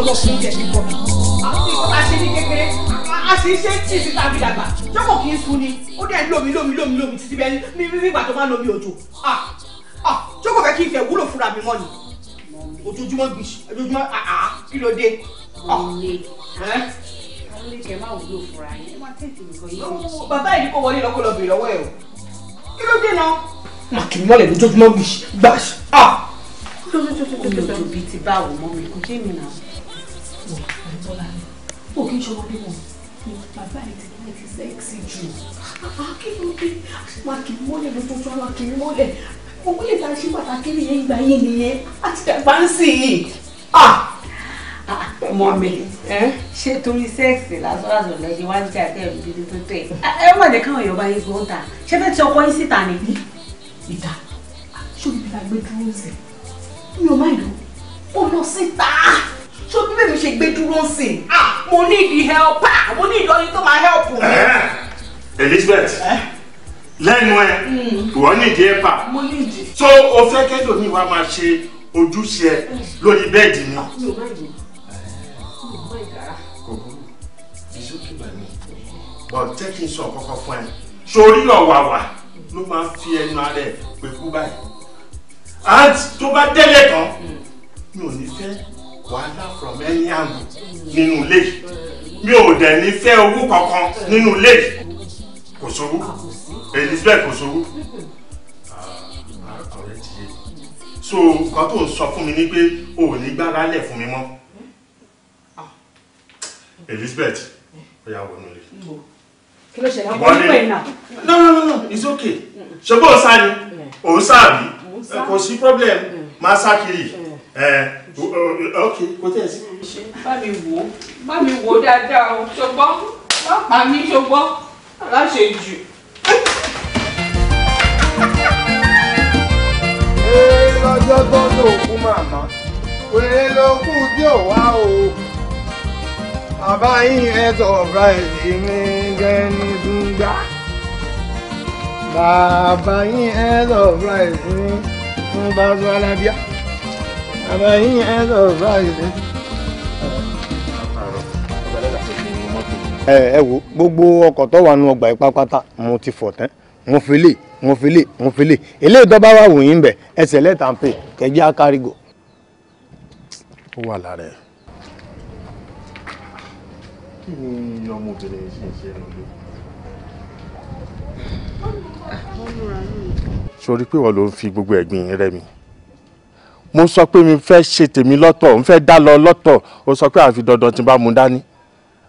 lọ́lọ́kùn jẹ kíkọ́. àwọn ìkọ́ta ṣe ní kékeré a sì ń ṣe tí ìsìn tàbí dàgbà jọ́kọ̀ kì í sun ni ó dẹ̀ lómi lómi lómi lómi títí bẹ́ẹ̀ ní nígbà tó máa ń lómi òjò. jọ́kọ̀ ah, ah, fẹ́ kí ìfẹ́ wúlò fúnra mi mọ́ ni ojoojúmọ́ gbèsè ojoojúmọ́ àá ah, kí ló dé. bàbá yìí kò wọlé lọ́kọ́ lọ lọ́wọ́ ẹ̀ o kí ló dé náà. màá kì í mọ́lẹ̀ lójoojúmọ́ gbèsè gbàṣ. tó tó tó tó tó tó bíi ti báwo mọ́ mi kò yé mi náà. Bọ́lá ni o kì í ṣọmọ bí wọn bàbá ẹ̀ ti láì ti sẹ́ẹ̀sì jù akínúdé máàkì mọ́lẹ̀ ló tó tó aláàkì mọ́lẹ̀ owó lè dáa ṣe pàtàkì nìyẹn ìgbà yẹn nìyẹn àti dàgbà ń sì yìí ọmọ mi ṣé torí sẹ́ẹ̀sì lásán lásán lẹ́yìn wá ń jà tẹ́ ẹ̀ bí tó tẹ̀ ẹ má jẹ́ káwọn Yorùbá yẹn gbọ́n ta ṣé fẹ́ ti ọkọ yín síta ni. ìdá ṣé olùbí la gbé dúró sí mi ò má ìlú ó lọ síta ṣó bí bèbí ṣe gbé dúró sí i ah! mo ní ìdí help mo ní ìdí ọyún tó máa help mi. Elizabeth lẹ́nu ẹ̀ wọ́n ní ìdí ẹ̀pà so o fẹ́ kẹ́lò ní wa máa ṣe ojúṣe ẹ lórí bẹ́ẹ̀dì ni. but jẹ́ kí n sọ kọ́kọ́ fún ẹ sórí ọ̀wàwà ló máa ń fi ẹnu ara ẹ̀ pẹ̀kú báyìí and tó bá délé tán hmm. mi ò ní fẹ́ wàhálà from any angle nínú ilé mi ò dẹ̀ ní fẹ́ owó kankan nínú ilé kò sówó Elizabeth kò sówó ah, ah, so nǹkan tó ń sọ fún mi ni pé o ò ní gbára lẹ̀ fún mi mọ́ Elizabeth ó yà wọnú ilé kí no no no it's okay ṣe bó o sá ni mm. òun sá àbí kò sí problem mm. máa sá kiri mm. eh, Uh, uh, ok kò tẹ̀ sí mi. ṣe bá mi wò ó bá mi wò ó dáadáa o ṣùgbọ́n má pa mí ṣùgbọ́n aláṣejù. ee lọ́jọ́ tó lò fún màmá wèrè ló kù tí ò wá o bàbá yín ẹ sọ̀rọ̀ ẹ̀sìn mi gẹ́ni dúgbà bàbá yín ẹ sọ̀rọ̀ ẹ̀sìn mi ń bá sọ alábíà àbẹ̀yìn ẹ lọ báyìí. ẹ ẹ wo gbogbo ọkọ̀ tó wà nù ọgbà yìí pátápátá mo ti fọ̀ tán mo fi lè mo fi lè mo fi lè eléyìí tó bá wà wò yín bẹ̀ ẹsẹ̀ lẹ́tà ń pè kẹjẹ́ akárigò. ó wà lára ẹ̀. kí ni ọmọbìnrin ṣe ń ṣe nílé. sori pé wọ́n ló ń fi gbogbo ẹ̀gbin rẹ mi mo sọ pé mi fẹ́ ṣe tèmi lọ́tọ̀ n fẹ́ dá lọ lọ́tọ̀ o sọ pé àfi dandan tí bá mu dání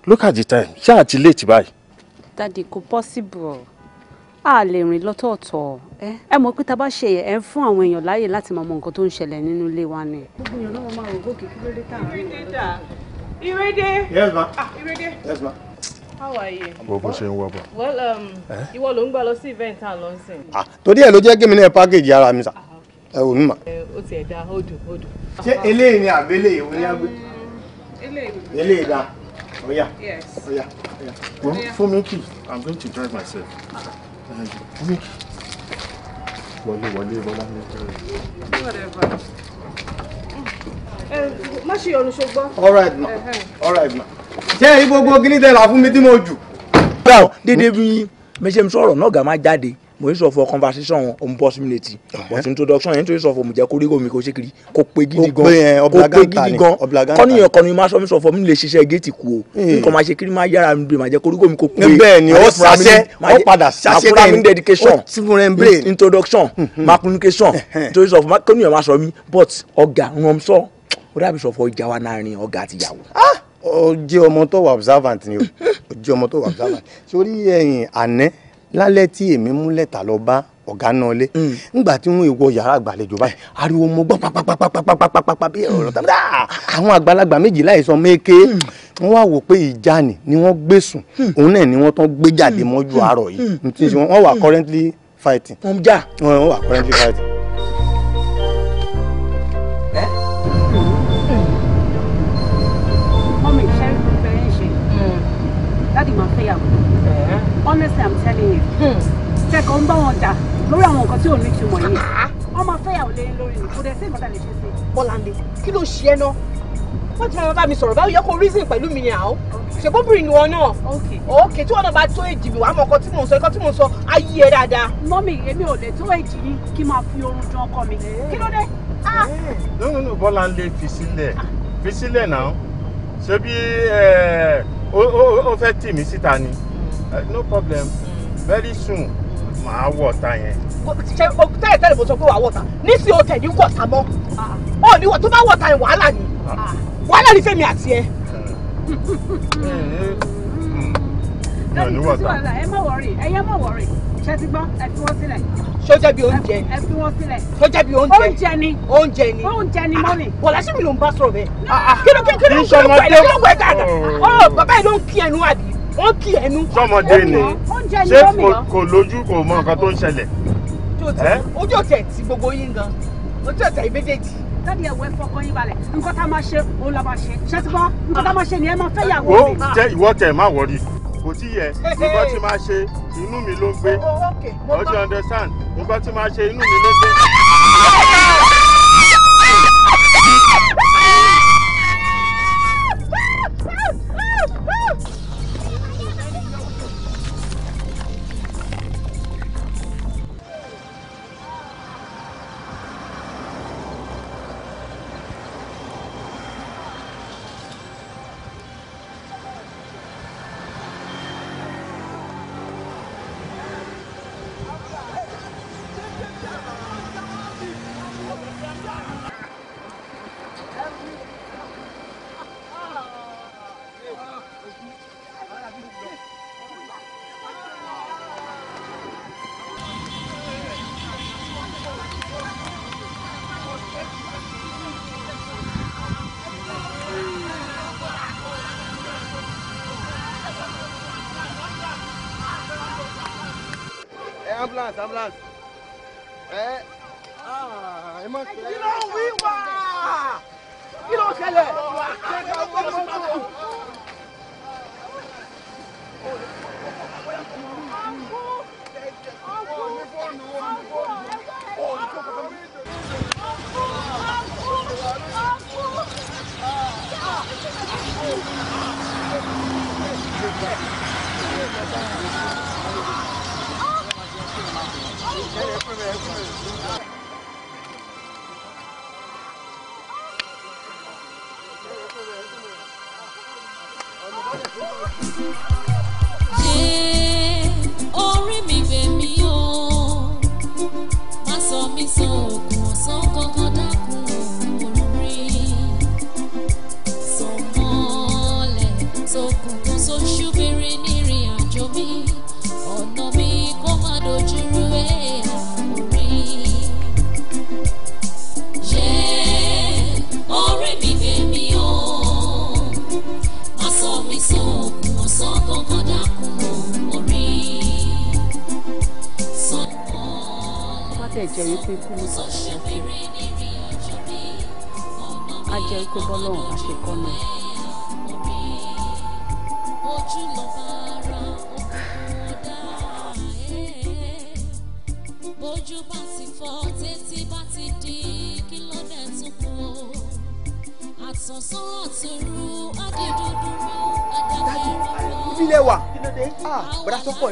look at the time ṣé àti late báyìí. dadi kò possible a lè rìn lọ́tọ̀ọ̀tọ̀ ẹ mọ̀ pé tá a bá ṣe yẹ ẹ ń fún àwọn èèyàn láàyè láti máa mọ nǹkan tó ń ṣẹlẹ̀ nínú ilé wa ni. gbogbo èèyàn náà máa rògbò kí kílódé tá ìrèdè. yes ma. ah ìrèdè. yes ma. How are you? Bó ṣe ń wọ́ bọ̀. Well, um, eh? ìwọ ló ń gbà lọ sí event tá a lọ sí. Ah, torí ẹ̀ ló jẹ́ kí mi náà package ara mi sà ẹ wò mí mà. ó ti ẹ̀ da odò odò. ṣé eléyìí ni àbẹ́lẹ̀ ìwé ní agbè. eléyìí da ọ̀yà ọ̀yà ọ̀yà. fún mi kì i'm going to drive myself. fún mi kì. wọlé wọlé bọlá mi. Mm. Eh, má ṣe ọ̀run ṣùgbọ́n. all right ma all right ma. ṣé ibo gbogbo gíní tẹ̀lá fún mi tí mo jù. dédé bí mẹṣẹ́ mi sọ̀rọ̀ náà gà jáde mo ní sọ fọ conversation on o ń bọ́ sí mi létí but introduction yẹn nítorí sọ fọ mo jẹ́ kó rí omi kó ṣe kiri kó pé gidi gan eh, kó pé gidi gan kọ́niyàn kọ́niyàn máa sọ mi sọ fọ mi lè ṣiṣẹ́ géètì kú o nǹkan hmm. máa ṣe kiri máa yára mi bèrè máa jẹ́ kó rí omi kó pé bẹ́ẹ̀ ni ó ṣàṣẹ ó padà ṣàṣẹ lẹ́yìn dedication introduction ma hmm, hmm. communication nítorí sọ fọ kọ́niyàn máa sọ mi but ọ̀gá ràn sọ ó dàbí sọ fọ ìjà wa náà rin ọ̀gá àtìyàwó ó ah! jẹ́ ọmọ tó wà observant ni o ó jẹ́ ọmọ tó wà observant sórí ẹ̀yìn àná lálẹ́ tí èmi mú lẹ́tà lọ bá ọ̀gá náà lé mm. nígbà tí wọ́n wọ yàrá àgbàlejò báyìí ariwo mo gbọ́ pàpàpàpàpàpàpàpà bí ọ̀rọ̀ tàbí àwọn àgbàlagbà méjì láìsàn méke mm. wọ́n wá wò pé ìjà ni ni wọ́n gbé sùn mm. òun náà ni wọ́n tán gbé jáde mọ́jú àárọ̀ yìí wọ́n wà currently fighting. wọ́n jà wọ́n wà currently fighting. honestly i'm telling you hmm. kẹkọọ ń bá wọn jà lórí àwọn nǹkan tí ò ní ìtumọ̀ yìí ọmọ fẹ́yàwó lẹ́yìn lórí ni kò dẹ̀ sí ìmọ̀ta lè ṣe sí. bọ́láńdé kí ló ṣe ẹ́ náà wọ́n ti máa bá mi sọ̀rọ̀ báwo yẹ kó reason pẹ̀lú mi yàn án ṣègbóbìnrin ni wọn náà ok Oh, wọn náà bá tó èjì mi wàá mọ ọkọ tí mò ń sọ ẹkọ tí mò ń sọ ayé ẹ dáadáa. mọ́mì èmi ò lè tó èjì yín kí n máa fi oorun jọ ọkọ mi eh. kí ló Oh, oh, oh. fi sílẹ̀ ah. fi sílẹ̀ náà ṣé bí eh, ó fẹ́ tì mí síta ni uh, no problem mm. very soon màá wọ̀ ta yẹn. ṣe tẹ́lẹ̀ tẹ́lẹ̀ mo sọ pé wàá wọ̀ ta nísìnyí o tẹ̀lé wọ̀ ta mọ́ ọ ní wọ̀ tó bá wọ̀ ta yẹn wàhálà ni wàhálà ni fẹ́mi àti ẹ. ẹ ní wọ̀ ta ẹ má wọrí ẹ yẹ má wọrí ṣe ti gbọ́ ẹ fi wọ́n sílẹ̀. ṣó jẹ́ bí oúnjẹ ni. ẹ fi wọ́n sílẹ̀. ṣó jẹ́ bí oúnjẹ. oúnjẹ ni. oúnjẹ ni. oúnjẹ ni mọ́nì. wọ̀lá sí mi ló ń bá sọ̀rọ̀ bẹ́ẹ̀. kí ló kí ló kí ló ń gbọ́ ẹ̀ kí ló ń gbọ́ ẹ̀ kí ló ń gbọ́ wọ́n kì ẹnu. sọmọdé ni ṣé kò lójú kò mọ nǹkan tó ń ṣẹlẹ̀. ojú ọ̀tẹ̀ tí gbogbo yín gan ojú ọ̀tẹ̀ ìbéjèèjì. dábì ẹ̀wọ̀ ẹ̀fọ́ kan yín balẹ̀ nǹkan tá a máa ṣe òun la máa ṣe ṣé ti gbọ́ ah. nǹkan tá a máa ṣe ni ẹ máa fẹ́ yàwó o ah. jẹ ìwọ tẹ má wọrí kò tí yẹ nǹkan tí máa ṣe inú mi ló ń gbé ọjọ́ oh, oh, understand nǹkan tí máa ṣe inú mi ló ń gbé.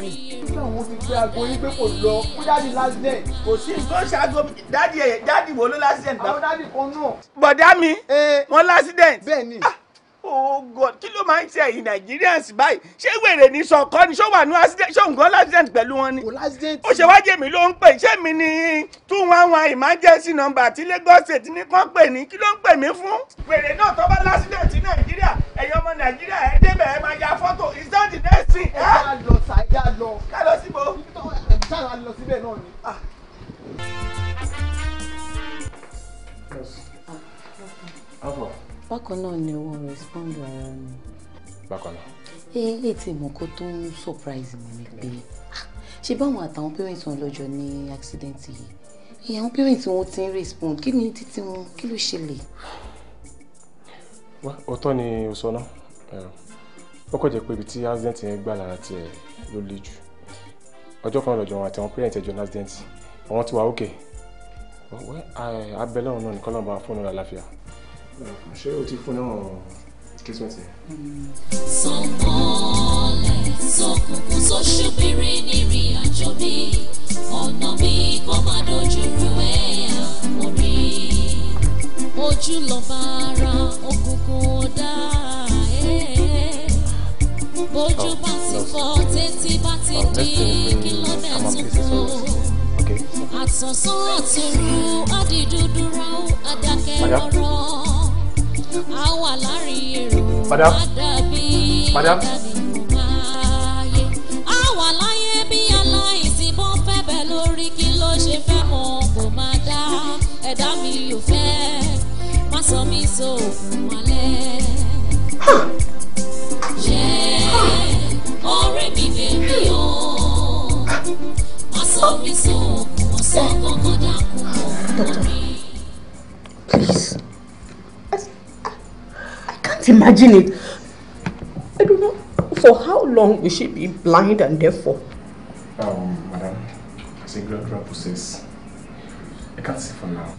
pọ̀ ni. kí àwọn fi gbé aago yín pé kò lọ kó dáàdi lásìdẹ̀n. kò sí nǹkan ṣaago dáàdi ẹ̀ dáàdi wo ló lásìdẹ̀n. àwọn dáàdi kan náà. bọ̀dá mi eh. wọ́n lásìdẹ̀n. bẹ́ẹ̀ ni. Ah, oh god kí ló máa ń ṣe ẹ̀yin nigerians báyìí ṣé wèrè ní sọkọ ni ṣó wà ní accident ṣó nǹkan accident pẹ̀lú wọn ni. ó ṣe wájú èmi ló ń pè ṣé mi ni two one one emergency number ti lagos state ní kán pè ní kí ló ń pè mí fún. wèrè náà tó bá lásìdẹ̀tì nàìjíríà ẹ̀yin ọmọ nàìjíríà ẹ̀ débẹ̀ ẹ̀ máa ya fọ́tò is that the next thing. ẹ ká lọ sàyà lọ. ká lọ síbo. ẹ ká lọ síbẹ̀ náà ni. Yes. Ah, okay bákan náà ni wọ́n respond ara um, mi. bákan náà. eléyìí tí mo kó tó ń surprise mi ni pé ah, ṣé báwọn àtàwọn parents wọn lọ́jọ́ ní accident yìí ìyẹn àwọn parents wọn ti ń respond kí ni títí wọn kí ló ṣẹlẹ̀. wá ọ̀tọ̀ ni o sọ náà ó kọ̀ jẹ́ pé ibi tí accident yẹn gbà lára tiẹ̀ ló le jù ọjọ́ kan lọ́jọ́ wọn àti àwọn parents ẹ̀jọ̀ ní accident àwọn ti wà ókè abẹ́lẹ́ ọ̀hún náà nìkan náà bá fóònù àlàáfíà ṣé o ti fún náà christmas yẹn. sọ̀kànlẹ̀ sọ̀kùnkùn sóṣùpìrì nírìn àjò mi ọ̀nà mi kò má dojú rú ẹ̀yà orí ojú lọ́ba ara òkùnkùn ọ̀dà bójú eh. oh, bá ti fọ́ tètè bá ti oh, di kí tuntun àtọ̀sán àtòrú àdìdúdúrà ó àdàkẹ́ lọ́rọ́ àwa madam, èrò má dàbí ìdánimọ̀ ayé àwa láyé bí aláìsí bọ́ fẹ́ bẹ́ẹ̀ lórí ẹ̀dá mi ò fẹ́ má sọ mí sóògùn wá. imagine it? I don't know. For how long will she be blind and deaf for? Um, madam, it's a gradual process. I can't see for now.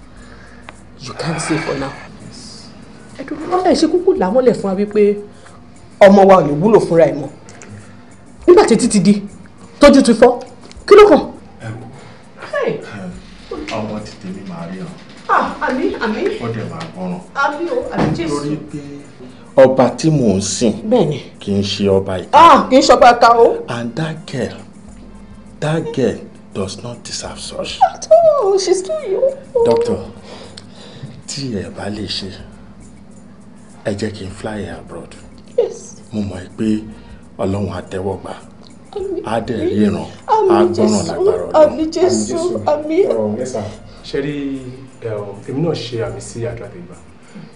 You can't see for now? Yes. I don't know. Ẹ ṣe kúkú làmọ́lẹ̀ fún wa wípé ọmọ wa ò lè wúlò fúnra ẹ̀ mọ́. Nígbà tí títí di, Told you fọ́, kí Kilo kàn? Ọmọ tètè mi màá rí ọ. Ah, àmì àmì. Ó dẹ̀ máa gbọ́ràn. Àmì o, àmì Jésù. Lórí pé ọba tí mò ń sìn kì í ṣe ọba ìka. ah kì í ṣọba ìka o. and that girl that girl does not deserve such. at all she's too young. doctor tí ẹ bá lè ṣe ẹ jẹ́ kí n fly abroad. yes. mo mọ̀ pé ọlọ́run àtẹ́wọ́gbà á dẹ̀ ríran á gbọ́ràn lágbára ọlọ́run. àmì jésù àmì jésù àmì. Oh, ṣe rí eh, èmi náà ṣe àmì sí àdúrà tó gbà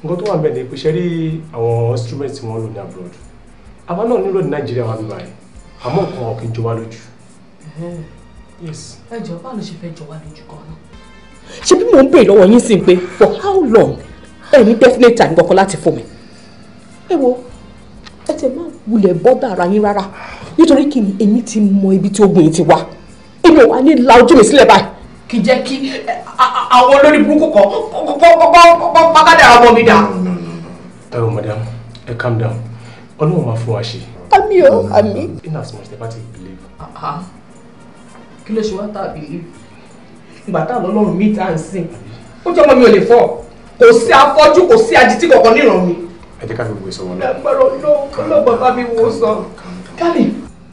nǹkan tó wà bẹ́ẹ̀ ni pé ṣe rí àwọn instruments wọn lò ní abroad àwa náà nílò ní nàìjíríà wà bíbá yìí àmọ́ nǹkan ọ̀kìn jọ wá lójú. ẹ jọ báwo ló ṣe fẹ́ jọ wá lójú kan náà. ṣé bí mò ń béèrè lọ́wọ́ yín sí pé for how long ẹ ní definite time kankan láti fún mi. ẹ wo ẹ tẹ máa wulẹ̀ bọ́dà ara yín rárá nítorí kí ni èmi ti mọ ibi tí ogun ti wá èmi ò wá ní la ojú mi sílẹ̀ báyìí kì í jẹ́ kí àwọn olórí burúkú kan pápákádà ọmọ mi dà. o madam ẹ calm down ọlọ́run máa fún wa ṣe. àmì o àmì. in as much as party believe. kí ló ṣe wá tá a believe ìgbà tá a lọ lọ́run mi tá à ń sìn ó jẹ́ ọmọ mi ò lè fọ́ kò sí afọ́jú kò sí ajití kankan níran mi. ẹ jẹ́ ká fi wo ìsọ̀wọ́ náà. ẹgbẹ́rún ló ló bàbá mi wò sọ. kálí.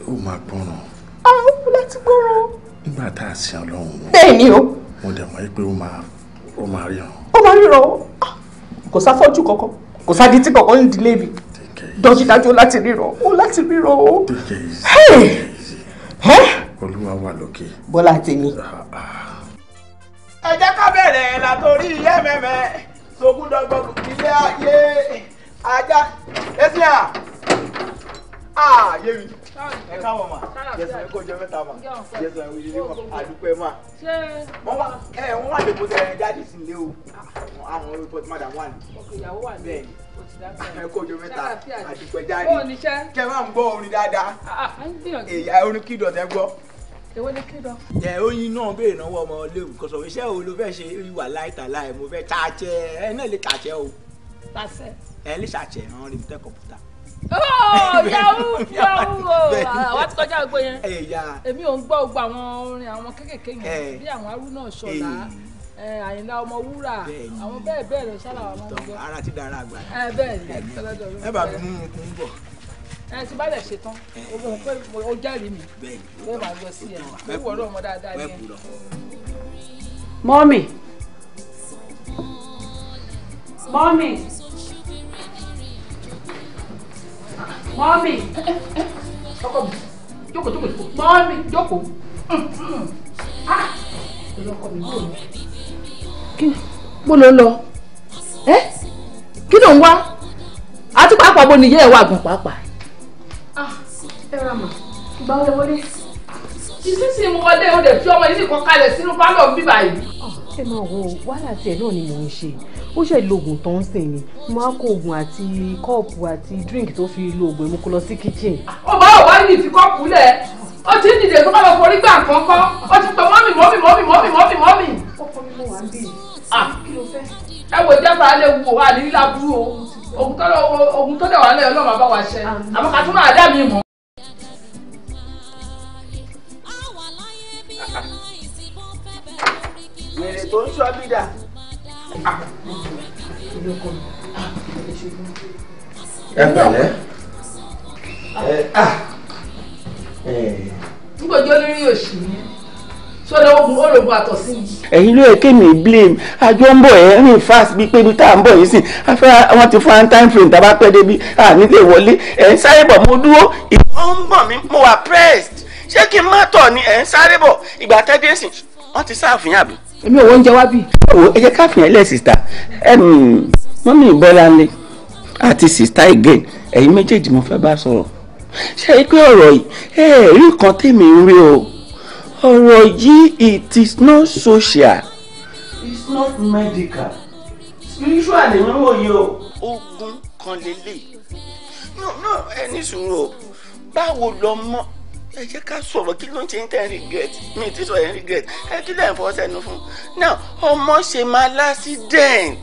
ó máa gbọ́ràn. àwọn ah, ọmọ láti gbọ́ràn nígbà tá a sin ọlọ́run. bẹ́ẹ̀ ni o. mo dẹ̀ mọ́ pé ó máa ó máa ríran. ó máa ríran o kò sáfọ́jú kankan kò sádìtì kankan ní ìdílé mi dọ́júdájú láti ríran o láti ríran o. olúwa wà lókè. bọ́lá tèmi. ẹ jẹ́ ká bẹ̀rẹ̀ látòrí yẹ́mẹ̀mẹ̀ sógúndọ́gbọ̀n ilé ayé ajá ẹ̀sìn à ah yémi ẹ káwọn ma yẹsùn ẹ kọjọ mẹ́ta ma yẹsùn ẹ wíyí ma àdúpẹ́ ma wọn wá ẹ wọn wá lè kó tẹ ẹ jáde sí ilé o àwọn olùkọ́ tí madam wà ní bẹ́ẹ̀ ẹ kọjọ mẹ́ta àdúpẹ́ jáde kẹ máa ń gbọ́ orin dáadáa ah, ah, èyí orin kí dọ̀tẹ́ gbọ́. èwo ni kí dọ̀. ẹ oyin náà béèrè náà wọ ọmọ léwu kọsọ iṣẹ́ wo ló fẹ́ ṣe wà láìta láì mo fẹ́ tààjẹ ẹ náà lè tààjẹ o. tàṣẹ. ẹ lè ṣàjẹ àwọn rèmítẹ kọ̀ǹpútà. Oh, yahoo yahoo àwa oh, ti kọjá gbogbo yẹn èmi ò ń gbọ́ gbogbo àwọn orin àwọn kékèké yẹn bí àwọn arúnà ṣọlá àyìnlá ọmọ wúrà àwọn bẹ́ẹ̀ bẹ́ẹ̀ lọ ṣáláà àwọn ọmọ gbọ́. ara ti dára àgbà. ẹ bẹ́ẹ̀ ni ọlọ́dọ̀ mi. ẹ bá mi mú un kún bọ̀. ẹ ti bá lẹ̀ ṣe tán ohun pé o jẹ́rìí mi bẹ́ẹ̀ máa lọ sí ẹ kó wọ́n lọ́mọ dáadáa yẹn. mọ́mì mọ́mì. Mami, mọ́mì ọkọ mi jókòó jókòó jókòó mọ́mì jókòó ah. ọlọ́kọ mi yóò lọ. bó ló lọ ẹ kí ló ń wá àti pàápàá bó ni ìyá ẹ wà gan pàápàá. Ah, ẹ ra mà ìgbà wọlé wọlé títí sí mu wọlé o dẹ̀ fi ọmọ yìí sì kọ́ kalẹ̀ sínú pálọ̀ bíbá yìí. Ah, ẹ máa wo wàhálà tiẹ̀ náà ni mò ń ṣe ó ṣe lo oògùn tó ń sìn ni mo á kó oògùn àti kọ́ọ̀pù àti drink tó fi lo oògùn ẹ̀mú kó lọ sí kitchen. ọba ò wá ní ìfikọ́pù lẹ̀ ó ti ń dìde kó má lọ forí gbà kọ́kọ́ ó ti pè mọ́mì mọ́mì mọ́mì mọ́mì mọ́mì mọ́mì. ọkọ mi mo wà ń bì ẹ wò jẹ́fà alẹ́ wò wà ní lábúrò ogun tó dẹ̀ wà lẹ́yìn ọlọ́run àbá wa ṣẹ àmọ́ ká tún máa dá mi mọ́. wèrè tó ń sọ bí dà ẹ pẹ̀lẹ́ ẹ à. nígbà ojú olórí òṣì ni sọ́dọ̀ ogun ológun àtọ̀sí yìí. ẹ̀yin ló yẹ kémi blame àjọ ń bọ̀ ẹ́ rìn fast bíi pé ibi tá à ń bọ̀ yìí sìn afẹ́ wọn ti fún time frame tá a bá pẹ́ débi à nílé wọlé ẹ̀ ń sáré bọ̀ mo dúró. ìwọ ń bọ̀ mí mo wà pressed ṣé kí n má tọ̀ ni ẹ̀ ń sáré bọ̀ ìgbà tẹ́gbẹ́sìn wọ́n ti sáàfin àbí èmi ò wọ́n jẹ wá bì. owó ẹ jẹ́ ká fìyàn lẹ̀ sista mọ́mí bọ́láńlé àti sista again ẹ̀yin méjèèjì mo fẹ́ bá sọ̀rọ̀ ṣe é pé ọ̀rọ̀ yìí ẹ̀ẹ́rì kan tèmi ń rí o ọ̀rọ̀ yìí it is not social. it's not medical. spiritual ni wọ́n wòye o. ogun kan lélẹ̀ no no ẹni sùúrù o báwo lọ mọ́ ẹ jẹ́ ká sọ̀rọ̀ kí ló ń ṣe ń tẹ́ regret mi ti sọ ẹ̀ regret ẹ kí lẹ́yìn fọ́ sẹ́nu fún now ọmọ ṣe máa lásídẹ̀ǹt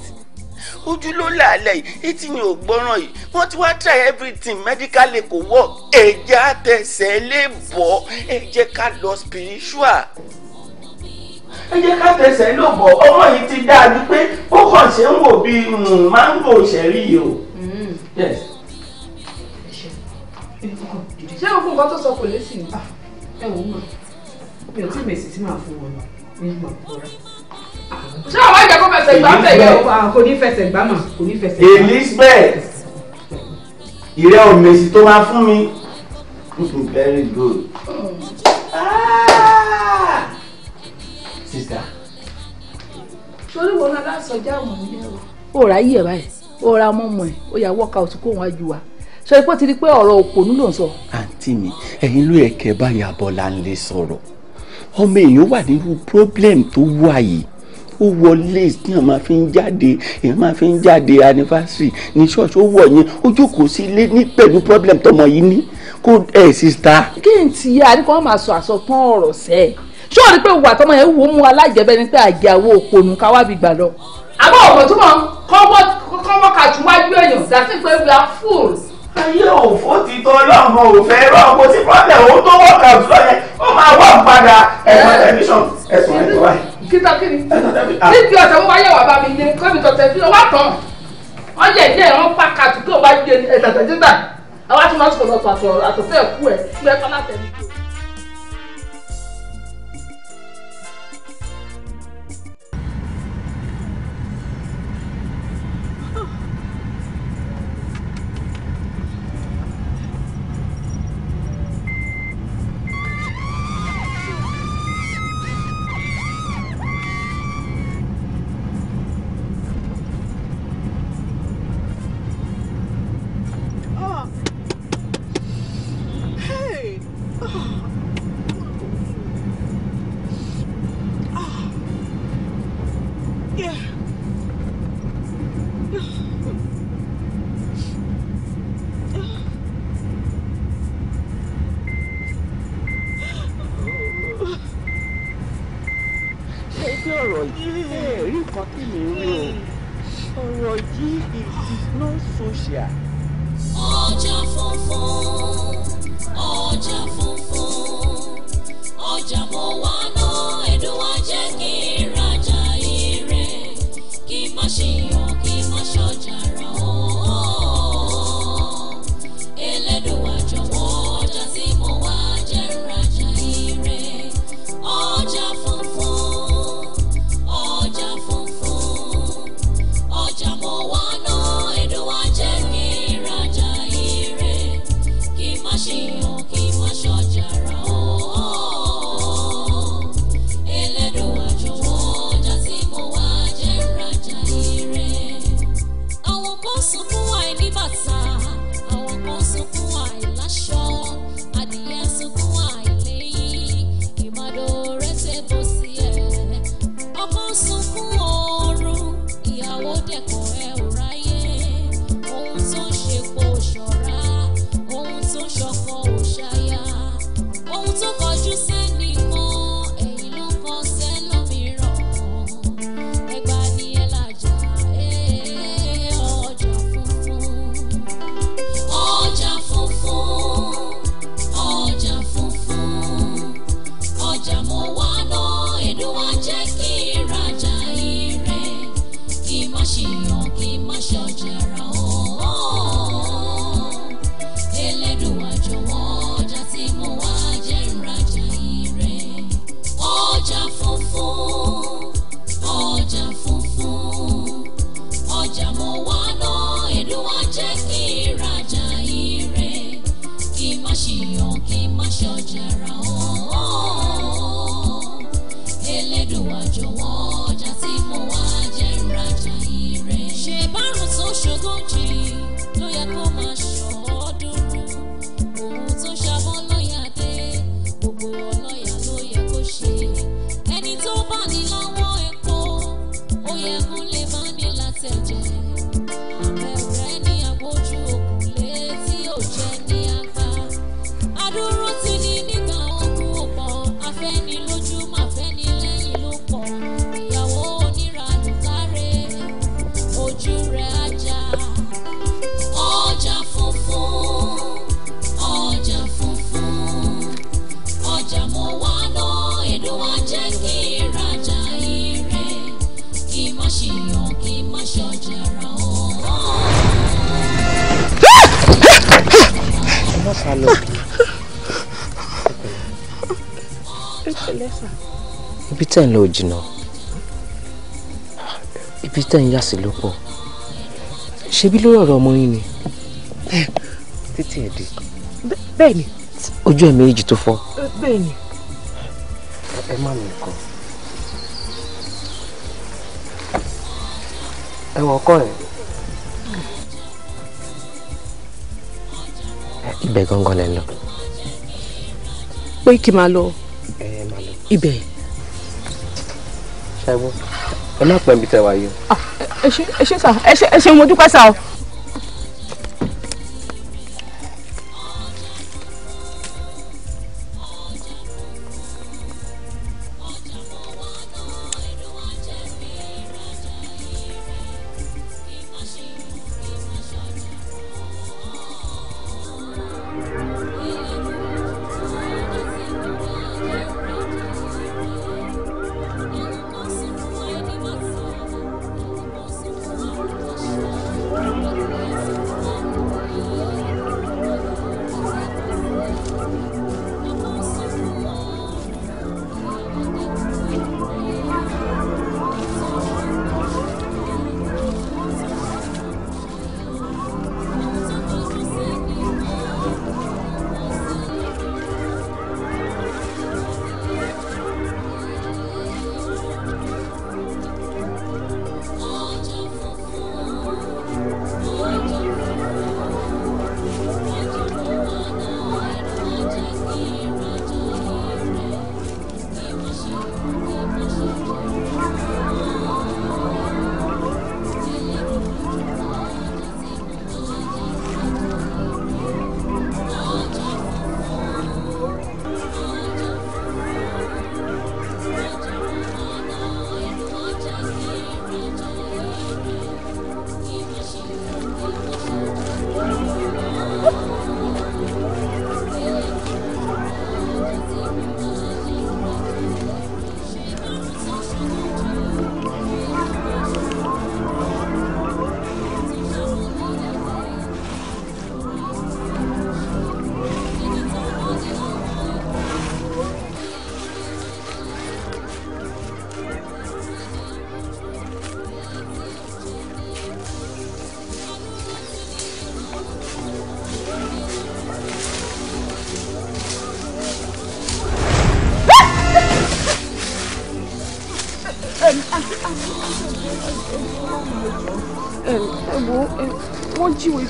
ojú ló làálẹ̀ yìí etí ni ò gbọ́ràn yìí wọ́n ti wá try everything medically kò work ẹ̀jẹ̀ àtẹ̀sẹ̀ lè bọ̀ ẹ jẹ́ ká lọ spiritual ẹ jẹ́ ká tẹsẹ̀ ló bọ̀ ọmọ yìí ti dáa ju pé ó kàn ṣe ń wò bí mm, máńgò ṣẹ̀rí yìí o. Mm ṣé o fún nǹkan tó sọ kò lésì ni. Ah, ẹ wò ó mọ mi ò tí ì mèsì tí màá fún wọn ní mọ ṣé àwọn ìjà kó fẹsẹ̀ gbá bẹ̀ yẹn o. kò ní fẹsẹ̀ gbá mà kò ní fẹsẹ̀ gbá. Elizabeth ìrẹ́ ò mèsì tó máa fún mi very good. Ah! sista. torí wo la láṣọjá mọ̀ nílẹ̀ o. ó ra yí ẹ̀ báyìí ó ra ọmọ mọ̀ ẹ̀ ó yà wọ́ọ̀ká òtún kó wọn á ju wa ṣe pé ti rí pé ọ̀rọ̀ òpònú ló sọ. àǹtí mi ẹ̀yin ló yẹ kẹ́ báyà bọ́lá ń lè sọ̀rọ̀ ọmọ èèyàn wà nínú problem tó wà yìí ó wọ lace tí èèyàn máa fi ń jáde èèyàn máa fi ń jáde anniversary ní ṣọ́ọ̀ṣì ó wọ̀ yẹn ó jókòó sí ilé ní pẹ̀lú problem tọmọ yìí ní kó ẹ̀ sísá. kí n ti yá ni kò máa sọ àsọtán ọ̀rọ̀ sẹ́ẹ̀ ṣé o rí pé wà tọmọ yẹn wò ó mú alájẹbẹ ni pé àjàwò òpònú ká wá bí gbà lọ. àbọ̀ ọ̀pọ̀ tó mọ̀ kọ́mọ́ kájú wájú èèyàn dàtí pé we are fools ayé òfò ti tọ́ lọ́mọ òfẹ́ rọ́ mo ti fọ́lẹ̀ òun tó wọ́n kà òtútọ́ yẹn ó máa wà padà ẹ̀sán tẹlifíṣàn ẹ̀sán ẹ̀sán wáyé. kíkọ́ kí ni ní ti ọ̀sẹ̀ mo wá yẹ̀wò bá mi yé kọ́mi tọ̀tẹ̀ fi wá tán ọjà ìdí ẹ̀rọ pa kàtúkọ̀ wá yé ẹ̀tàtàjẹ́gbà àwọn àti máa sọ̀rọ̀ àtọ̀fẹ́ ẹ̀kú ẹ̀ gbẹ́pálá tẹ̀lé. sí ọ̀rọ̀ yìí ẹ̀ẹ́rí nǹkan tí mi ń rí ọ̀rọ̀ yìí it is not social. ọjà funfun ọjà funfun ọjà mọ wá. má sá lọ. ibi tẹ́ ń lọ jìnnà ibi tẹ́ ń yà sí ló pọ̀ ṣebí lórí ọ̀rọ̀ ọmọ yín ni. Eh, títí ẹ̀ dé. bẹ́ẹ̀ ni. ojú ẹ̀ méjì tó fọ́. Eh, bẹ́ẹ̀ ẹ má mi kọ́. ẹ wọ ọkọ yẹn. ibẹ̀ gangan lẹ lọ. pé kí n máa lọ ibẹ̀. ṣàgbọ́n ẹ má pẹ́ ibi tẹ́ wá yìí. Ah, ẹ ṣe ẹ ṣe sà ẹ ṣe ẹ ṣe mo dúpẹ́ sà o.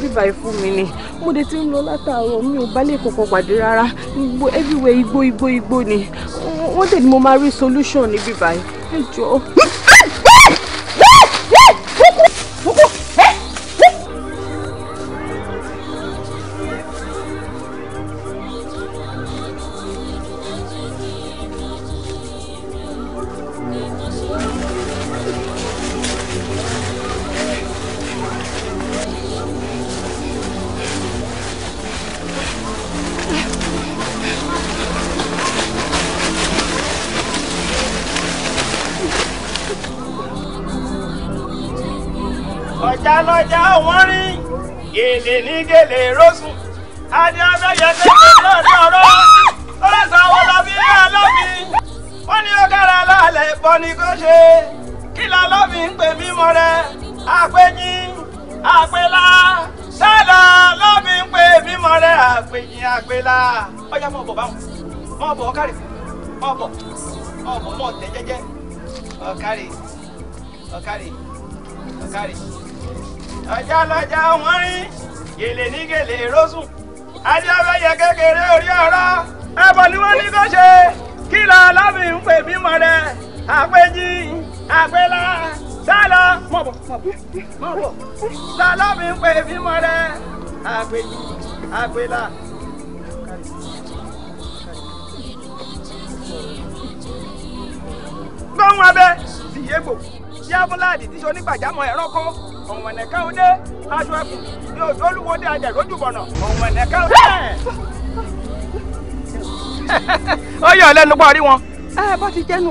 bíbá ìfún mi ni mo dé ti ń lọ látàárọ̀ mi ò bá lè kọ̀kọ̀ pàdé rárá igbó everywhere igbó igbó igbó ni wọ́n dẹ̀ ni mo máa rí solution ní bíbá ẹ jọ̀ọ́. èrè orí ọ̀rọ̀ ẹbọ ni wọ́n ní kó ṣe kí lọ lábì ń pè bímọ rẹ àpèjì àpèlà sálọ mọ̀bọ̀ mọ̀bọ̀ sálọ mi ń pè bímọ rẹ àpèjì àpèlà. gbóhùn abẹ tìyégbò tí abúláàdì tí so nígbàjámọ̀ ẹ̀rọ kó ọ̀wọ̀n ẹ̀ka ọdẹ aṣọ ẹkùn ní òtólúwọdé ajẹ̀rọ̀jùbọ̀nà ọ̀wọ̀n ẹ̀ka ọdẹ. ó yọ̀ lẹ́nu parí wọn. ẹ bá ti jẹ́nu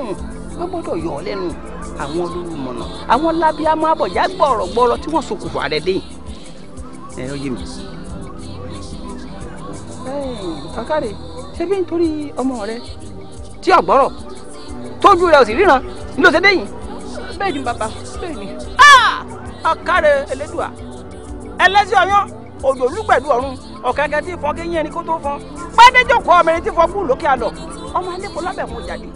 wọ́n gbọ́dọ̀ yọ̀ lẹ́nu àwọn olórúmọ̀nà àwọn lábíàmọ́ àbọ̀já gbọ̀rọ̀gbọ̀rọ̀ tí wọ́n ṣokùnfà rẹ̀ dé ẹ ó yé mi. ọ̀kadì ṣé bí nítorí ọmọ rẹ tí ọ̀gbọ́rọ̀ tójú rẹ ò sì ríran ní ló ṣe dé yìí. bẹ́ẹ̀ ni bàbá bẹ́ẹ̀ ni. ọ̀kadì ah! elédùà ẹlẹ́sìn ọyán òjò olúgbẹ̀dù ọ̀run ọ̀kẹ́kẹ́ tí fọ́n kéyìn ẹni kó tó fọ́n gbádéjòkó ọmọ ẹni tí fọ́ fún lókè àlọ́ ọmọ alẹ́kọ̀ọ́ lọ́bẹ̀ wọn jáde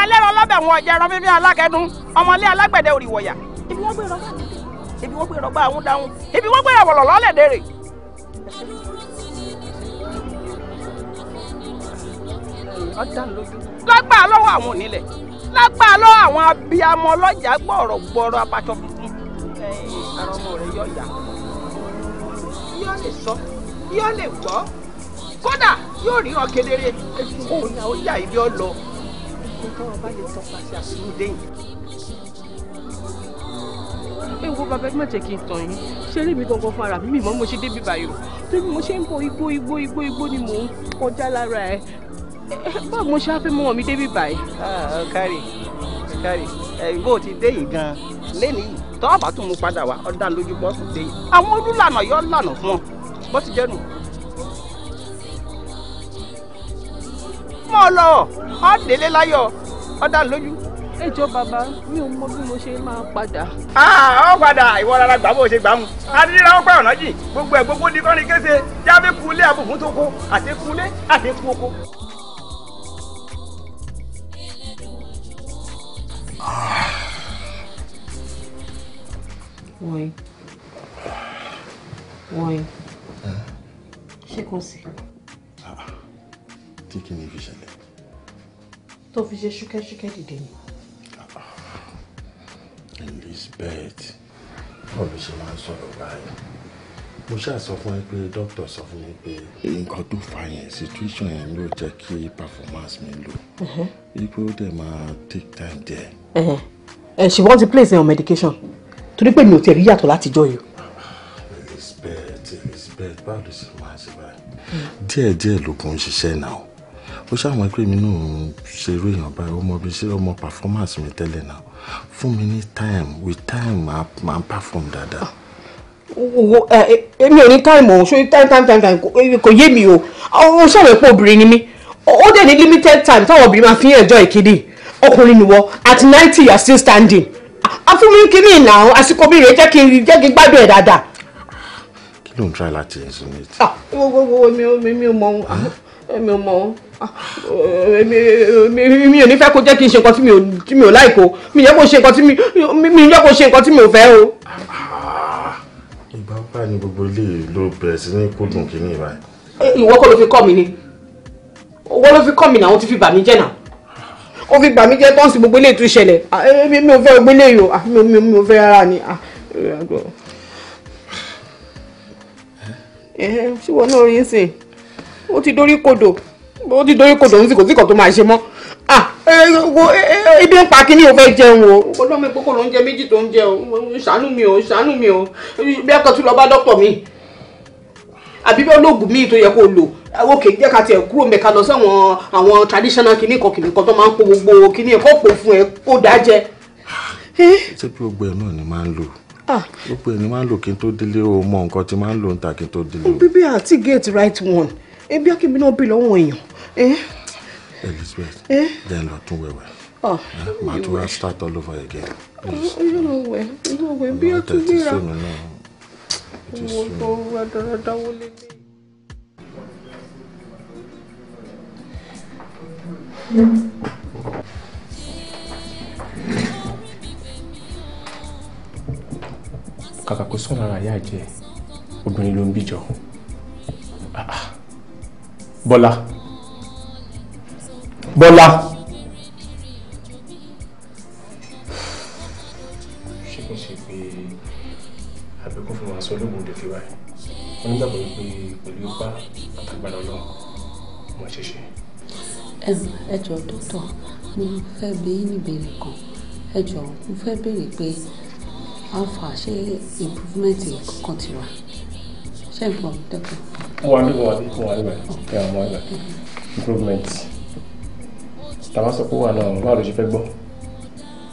alẹ́ rọ lọ́bẹ̀ wọn ọjà ẹran fífi alákẹ́dùn ọmọ ilé alágbẹ̀dẹ òrìwọ̀yà ibi wọ́n gbé rọgbà ibi wọ́n gbé rọgbà àwọn dáhùn ibi wọ́n gbé rọwọ̀lọ̀ lọ́lẹ̀dẹ̀rẹ̀. lágbà lọ́wọ́ àwọn onílẹ̀ lágbà lọ́wọ́ àwọn abiyamọ ọlọ́jà gbọ̀rọ̀ gbọ̀rọ̀ apàtọ funfun ara ọmọ rẹ̀ yọ̀ yà yọ̀ lè sọ yọ̀ lè gbọ́ kódà yóò rí hàn kedere òun náà ó yà ibi ọ lọ nǹkan ọba lè tọpasẹ̀ àṣírí dẹ́yìn ewu bàbá ẹ má jẹ́ kí n tàn yín ṣé rí mi gangan fara mi mọ̀ mo ṣe débi báyìí o torí mo ṣe ń bọ igbó igbó igbó igbó ni mò ń kọjá lára ẹ báwo mo ṣe á fẹ́ mọ́ mi débi báyìí. ọ̀kárì ah, ọ̀kárì ìbò ti dé yìí gan-an lẹ́nu yìí tọ́wọ́ bá tún mú padà wá ọ̀dà lójú bọ́ọ̀sì dé yìí àwọn olùlànà yóò lànà fún ọ bó ti mọ́ ọ lọ ọ délé láyọ̀ ọ dá lójú. ẹ jọ bàbá mi ò mọ bí mo ṣe máa padà. ọ padà ìwọ rárá gbà bó ṣe gbà mu adídíra ó pẹ́ ọ̀nà jì gbogbo ẹ̀ gbogbo di kọ́ni kése jábí kulé àbùkù tó kó àti kulé àti kú oko. Ah. Wọ́n wọ́n ṣé kò sí. Ah. Kí kí ni fi tó fi ṣe ṣúkẹ́ṣúkẹ́ dìde ni. Elizabeth báwo ló ṣe máa ń sọ̀rọ̀ báyìí mo ṣàṣọ fún ẹ pé dókítà sọ fún mi pé nǹkan tó fa yẹn situation yẹn ló jẹ́ kí performance mi lò ipò mhm. ó dẹ̀ máa take time there. ẹ ṣe wọ́n ti place on medication torí pé mi ò tiẹ̀ rí yàtọ̀ látijọ́ yìí. Elizabeth Elizabeth báwo ló ṣe máa ṣe báyìí díẹ̀díẹ̀ ló kàn ń ṣiṣẹ́ náà ó ṣàwọn pé mi náà ṣe irú èèyàn báyìí ó mọ bí ṣe ọmọ performance mi tẹ́lẹ̀ náà fún mi ní time with time máa ń perform dáadáa. èmi ò ní time o ṣó time time time time kò yé mi o ó ṣàwọn pé obìnrin ni mí ó dẹ̀ ní limited time táwọn obìnrin máa fi ń enjoy ìkíni ọkùnrin nìwọ at ninety you are still standing afúnmi kìíní ìnà àsìkò bí rèé jẹ́ kí jẹ́ kí gbádùn ẹ̀ dáadáa. kí ló ń try láti insinuate. Ah, mi ò mọ ohun èmi ò mọ̀ èmi ò ní fẹ́ kó jẹ́ kí n ṣe nǹkan tí mi ò láìkó mi yẹ kó ṣe nǹkan tí mi mi yẹ kó ṣe nǹkan tí mi ò fẹ́ o. ìgbà bá ní gbogbo ilé ló bẹ̀rẹ̀ sí ní kó dùn kínní ìbá. ìwọ kọ́ ló fi kọ́ mi ni owó ló fi kọ́ mi náà wọ́n ti fi bà mí jẹ́ náà ó fi bà mí jẹ́ tọ́ǹsì gbogbo ilé ìtú ìṣẹ̀lẹ̀ eh, mi ò fẹ́ gbogbo ilé yìí o mi ò fẹ́ rárá ni eh, eh, ṣé wọn náà rí sìn ó ti dórí kodò ó ti dórí kodò nísìkò síkò tó máa ṣe mọ́ ibi ń pa kínní o fẹ́ jẹun o ọlọ́mọ ìkókò ló ń jẹ méjì tó ń jẹ o ṣàánú mi o ṣàánú mi o bí ẹ̀kọ́ tún lọ bá dọ́kítọ̀ mi àbí bí olóògùn míì tó yẹ kó lò òkè jẹ́ ká tiẹ̀ kúrò mẹ́ka lọ sọ́wọ́n àwọn traditional kìíní kan kìíní kan tó máa ń po gbogbo kìíní ẹ̀kọ́ pò fún ẹ kó dá jẹ. ṣé bí gbogbo ẹ̀ náà ni máa ń lò gbogbo ẹ̀ ni máa ń lò kí n tó délé o mọ nǹkan tí máa ń lò ń ta kí n tó délé o. bíbí àti gate right one ebi akínbi náà bí lọ́wọ́ èèyàn. Eh? Elizabeth eh? then lọ tún wẹ̀wẹ̀ màá tún wá start all over again. yóò wẹ̀ yóò wẹ̀ bí ó tún níra wo tó wá dáradára wọlé ní. Mm-hmm. kàkà kó sọ̀rọ̀ ara yá jẹ́ obìnrin ló ń bíjọ ah, ah. Bola, Bola. ṣé kí n ṣe pé àbíkún fún wa sọ lóògùn òde fíwá ẹ̀ wọ́n nígbàgbọ́ pé pẹ̀lú ipá àtàgbàdo ọlọ́run mo ṣe ṣe. ẹ jọ̀ọ́ dókítà mo fẹ́ bi yín níbèrè kan ẹ jọ̀ọ́ mo fẹ́ béèrè pé alpha ṣé improvement kankan ti wà ṣe n pọ̀ dọ́kítà. mo wà níbọ̀ mo wà níbẹ̀ kí n mọ ibẹ̀ improvement tàbá sọ pé wà náà báwo ló ṣe fẹ́ gbọ́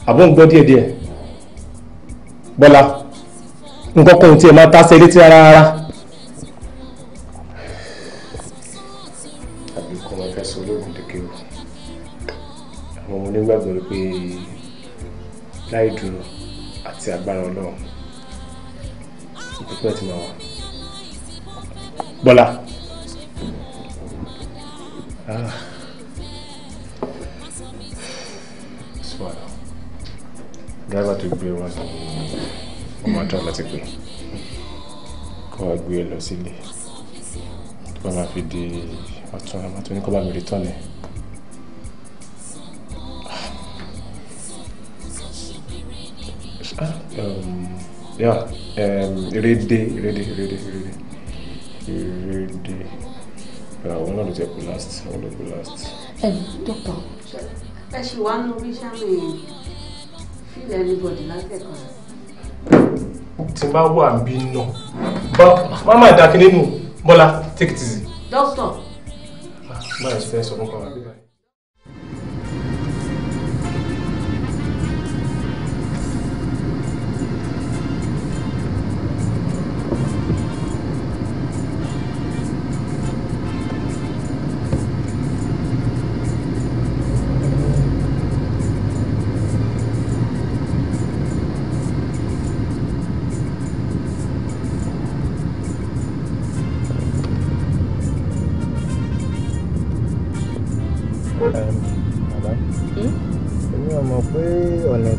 àbọ̀ ń gbọ́ díẹ̀díẹ̀ bọ́lá nǹkan kan tí ẹ máa tásẹ̀ létí rárá rárá. àbí kò máa fẹ́ sọ ológun kékeré àwọn ọmọ onígbàgbọ́ pé láì dúró àti agbára ọlọ́run ìpínpẹ́ ti máa wà. Bọ́lá. Ah. Dáìbà tó gbé wọn ni wọ́n máa tọ́ láti pè kó wa gbé e lọ sílé kó wa máa fi di ọ̀tún àmọ́ tó ní kó bá mi rí tán ni. Yeah, um, Rede, Rede, Rede, Rede everyday ra òun náà ló ti kú last òun ló kú last. ẹ dókítà. ẹ ṣì wá nu bí sami feel everybody látẹ̀kọ́ tí n bá wà ń bí nà bá má má dàkí nínú bọ́lá take it easy. dókítà. Ah, má ẹ fẹ́ sọ fún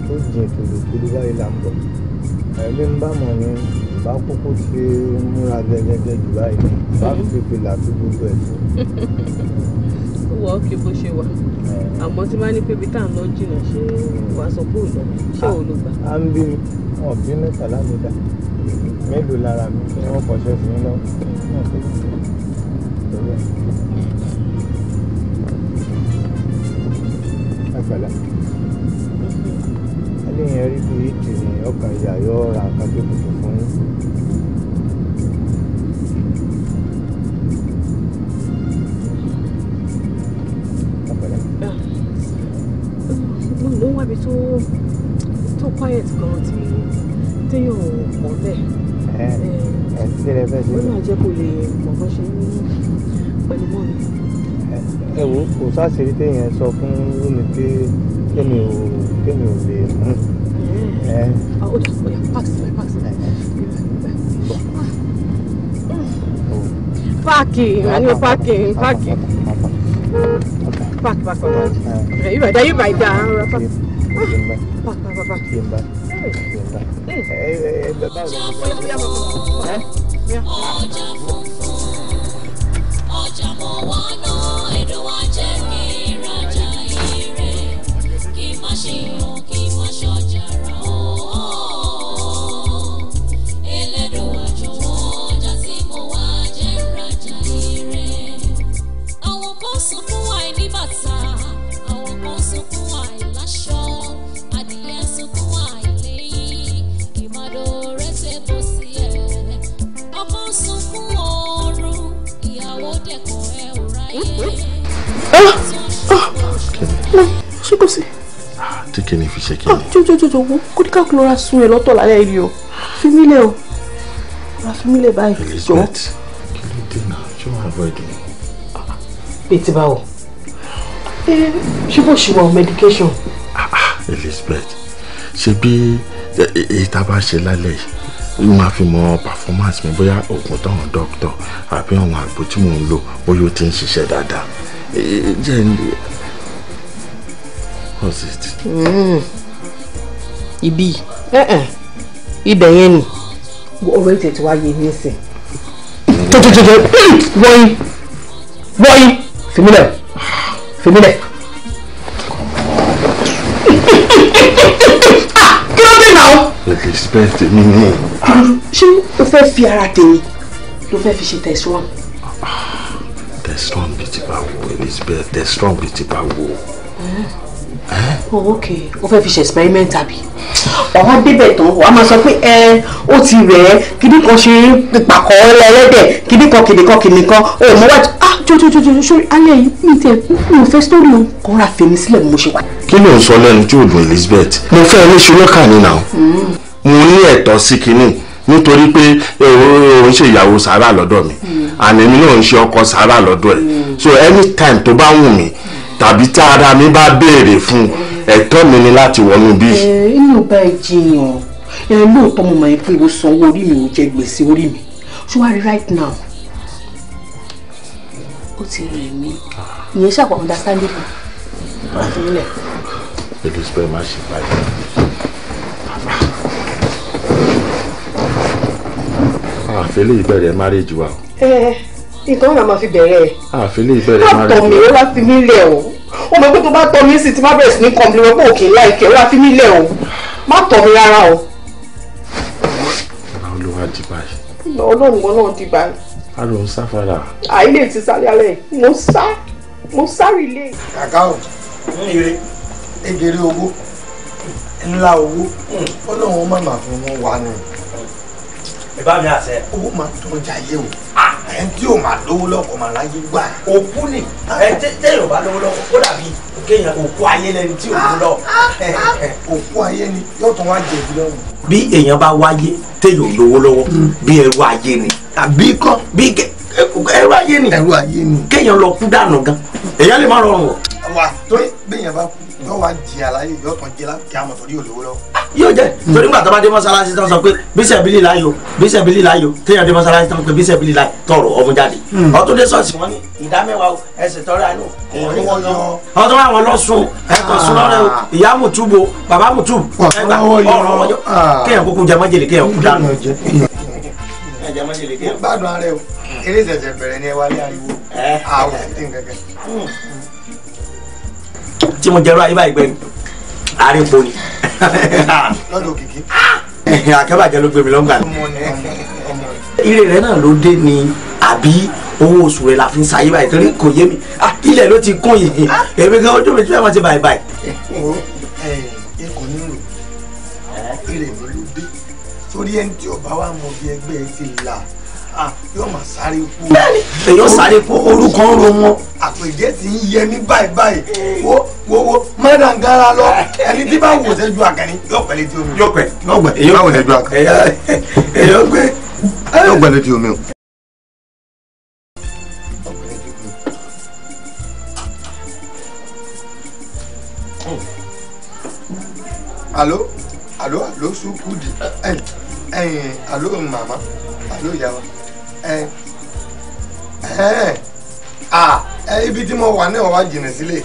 too jìn kìlìkìlì báyìí là ń bọ̀ ẹ̀mí ń bá mọ̀ ni bá kúkú ṣe múra gẹ́gẹ́gẹ́ jù báyìí bá fi fìlà sí gbogbo ẹ̀ sí. ó wọ ókè bó ṣe wà àmọ́ tí máa ní pé ibi tá à ń lọ jìnnà ṣé wà á sọ pé òun lọ ṣé òun ló gbà. à ń bí mi ọ̀bí mẹ́tàlá mi dá mélòó lára mi kí wọ́n kọ́ṣẹ́ fún mi lọ́wọ́ pẹ̀lẹ́ téèyàn rí bí ìtì ní ọkàn ìyá yóò ra nǹkan gbé kùtù fún yín. mo ń wábi tó tó quiet gan tí téèyàn ò mọ̀ bẹ́ẹ̀. ẹ ẹ ti rẹ bẹ́ẹ̀ sí. ó máa jẹ́ kó lè 네. 아, 어디 갔어? 야, 박스, 박스. 네, 네. Parking, manual parking, parking. Park, park, park. Dah ibai, dah ibai dah. Park, park, park, park. Diam dah. Diam dah. Eh, eh, eh, dah tahu. Ya, ya, ya. Ya. jọ̀wọ́ kó ní káàkiri lọ́ra sun ẹ̀ lọ́tọ̀ lálẹ́ yìí o fi mí lẹ̀ o ra fi mí lẹ̀ báyìí jọ. kí ló dé náà ṣé wàá avoid me. bẹ́ẹ̀tì báwo ṣé bó ṣe wà on medication. Ah, ah, Elizabeth ṣe bí èyí tá a bá ṣe lálẹ́ yìí máa fi mọ performance mi bóyá oògùn táwọn doctor àbí àwọn àgbo tí mò ń lò bóyá ó ti ń ṣiṣẹ́ dáadáa jẹ́ ń what's it. Mm ibi ibẹ̀ yẹn ni ọ̀rọ̀ ètò ètò wáyé ní ẹsẹ̀. jọjọjọjọ wọ́yìn wọ́yìn fìmílẹ̀ fìmílẹ̀. kí ló dé náà. respect mi ni. ṣé o fẹ́ fi ara tèmi ló fẹ́ fi ṣe tẹ̀sán. tẹ̀sán bíi ti bá wo Elizabeth tẹ̀sán bíi ti bá wo. Mm oh ok o fẹ́ fi ṣe experiment àbí ọ̀hún débẹ̀ tán wàá máa sọ pé ẹ ó ti rẹ̀ ẹ́ kíní kan ṣe pàkọ́ ẹlẹ́dẹ̀ kíní kan kíní kan kíní kan ó mọ wá ah jojojojo sórí alẹ́ yìí mi tẹ mi ò fẹ́ sórí o kò ra fèmí sílẹ̀ mo ṣe wá. kí ló ń sọ lẹ́nu tí ò dùn Elizabeth mo fẹ́ ní ṣùlọ́kà ni nà hmm. mo ní ẹ̀tọ́ sí kíní nítorí pé òun ṣe ìyàwó Sàrà lọ́dọ̀ mi hmm. àní mi náà ń ṣe ọkọ Sàrà lọ́dọ̀ ẹ̀ hmm. so anytime tó bá wù mí tàbí tí ara mi bá béèrè fún ẹ̀tọ́ mi ni láti wọnú bí. inú bá ẹ jiyàn ẹ lóòótọ́ mo máa ń pé o sanwó orí mi ò jẹ gbèsè orí mi ṣùgbọ́n right now ó ti rẹ̀ mí ìyẹn ṣàpọ̀ understanding kan àfihàn. Elizabeth má ṣe báyìí. àfẹ́lẹ́ ah, ìbẹ̀rẹ̀ marriage wa. ẹ ẹ nǹkan náà máa fi bẹ̀rẹ̀. àfilẹ̀ ìbẹ̀rẹ̀ máa rí i. àtọ̀ mi ó wá fi mí lẹ̀ o ó mọ̀ pé tó bá tọ́ mi sí ti má bẹ̀rẹ̀ sí ní kọ̀m̀pìlì wọn pé òkè láìkẹ́ ó wá fi mí lẹ̀ o má tọ̀ mi rárá o. àwọn olùwà di báyìí. ọlọ́run gan náà di báyìí. a lò ń sáfara. àìlè ti sálẹ̀ alẹ́ mo sá mo sáré ilé. kàkà ò ń yèrè egèrè owó ńlá owó ọlọ́run ó má má fún wọn wà ẹ̀ tí ò máa lówó lọ́kọ̀ máa láyé gbà. òkú ni ẹ tẹ́yìn ò bá lówó lọ́kọ̀ ó dàbí kéèyàn òkú ayé lẹni tí òkú lọ. òkú ayé ni yóò tún wá jẹ ìdílé ọ̀hún. bí èèyàn bá wáyé tẹ́yìn ò lówó lọ́wọ́ hmm. bí ẹrú ayé ni. àbí kọ́ bí ẹrú ayé ni. ẹrú ayé ni. kéèyàn lọ kú dànù gan èèyàn lè má rọrùn wọ. wà tó bí èèyàn bá kú yóò wá jì àlàyé yóò tán jẹ láti àmọ̀ torí olówó lọ. yóò jẹ torí gbàtọ́ bá dé mọ́sálásí tán sọ pé bísẹ̀bílì láyò bísẹ̀bílì láyò téèyàn dé mọ́sálásí tán pé bísẹ̀bílì láyò tọrọ ọmọ jáde. Hmm. ọtún dé sọ́ọ̀sì wọn ní ìdá mẹ́wàá ẹsẹ̀ tọrẹ àánú. ọtún ah. wà wọn lọ́sùn ẹ̀kọ́ sùn lọ́rẹ́ o ìyá mùtúbò bàbá mùtúbò ẹgbà ọ̀rọ̀ wọn ah. kéèyàn kúkú jẹ mọ́jèlé kéèyàn kú dànù gbádùn ara ẹ o hmm. eré ìṣẹ̀ṣẹ̀ bẹ̀rẹ̀ ni ẹ wá ní ariwo àwọn ẹ̀ ń gẹ́gẹ́ tí mo jẹrọ ayé báyìí gbẹ̀yìn àárín po akẹ́bàjẹ́ ah! ló gbé mi lọ́ngà. ire rẹ náà ló dé ni àbí owó oṣù rẹ la fi ń ṣayé báyìí torí kò yé mi ah! ilẹ̀ ló ti kún yìí èmi kan ojú mi tí wọ́n ti báyìí báyìí. o ẹ ẹ ire mi ló dé torí ẹni tí ọba wa mọ bí ẹgbẹ́ ti là. Ah, yóò máa sáré kú èyàn sáré kú orúkọ ń ro wọn àpèjẹ ti ń yẹ mí báyìí báyìí wo wo wo mọ́dàn gara lọ ẹni tí bá wò sẹ́jú àkànní yóò pẹ̀lẹ́ tí omi. yóò pẹ̀ yóò gbẹ èyàn wò sẹ́jú àkànní. èyàn gbẹ yóò gbẹ̀lẹ́ tí omi alo alo alo sukudi ẹ ẹ alo mama alo yawa ẹ ẹ à ẹ ibi tí mo wà náà wá jìnnà sílé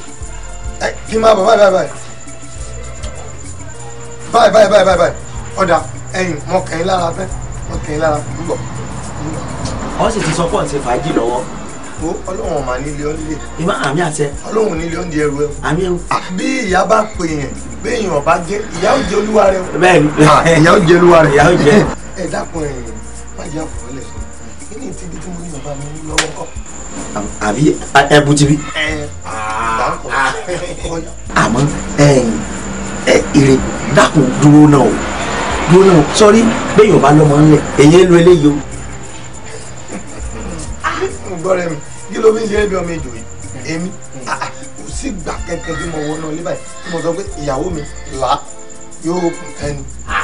ẹ kí n máa bọ̀ báyìí báyìí báyìí báyìí báyìí báyìí báyìí ọ̀dà ẹ̀yìn mo kàn yín lára fẹ́ mo kàn yín lára ń bọ̀ ń bọ̀. wọ́n sì ti sọ pé ọ̀sẹ̀ fàájì lọ́wọ́. o ọlọ́run ọ̀mà nílé ọ́nlé. ìmọ̀ àmì àṣẹ. ọlọ́run nílé ọ́nlé ẹrù ẹ. àmì ẹrù. bí ìyá bá pè yẹn bí èèyàn ọba jẹ ìyá ó jẹ olúwa rẹ. bẹ́ẹ̀ni ìyá ó jẹ olúwa rẹ. ìyá ó jẹ. ẹ dákun ẹ má jẹ àfọlẹ kí n fi ibi tí mo ní bàbá mi ní lọ́wọ́ kọ́. àbí ẹbu ti bí. àmọ́ èrè dákun dúró náà o dúró náà sọrí béèyàn bá lọ́mọ ńlẹ̀ èyí ń lo eléyìí o. gbọ́dọ̀ mi kí ló fi ń ṣe é bí ọmọ ìjòyè èmi hmm. ah, ah, kò sí gbà kẹ́kẹ́ tí mo wọ náà lébàá tí mo sọ pé ìyàwó mi là yóò kùn ẹni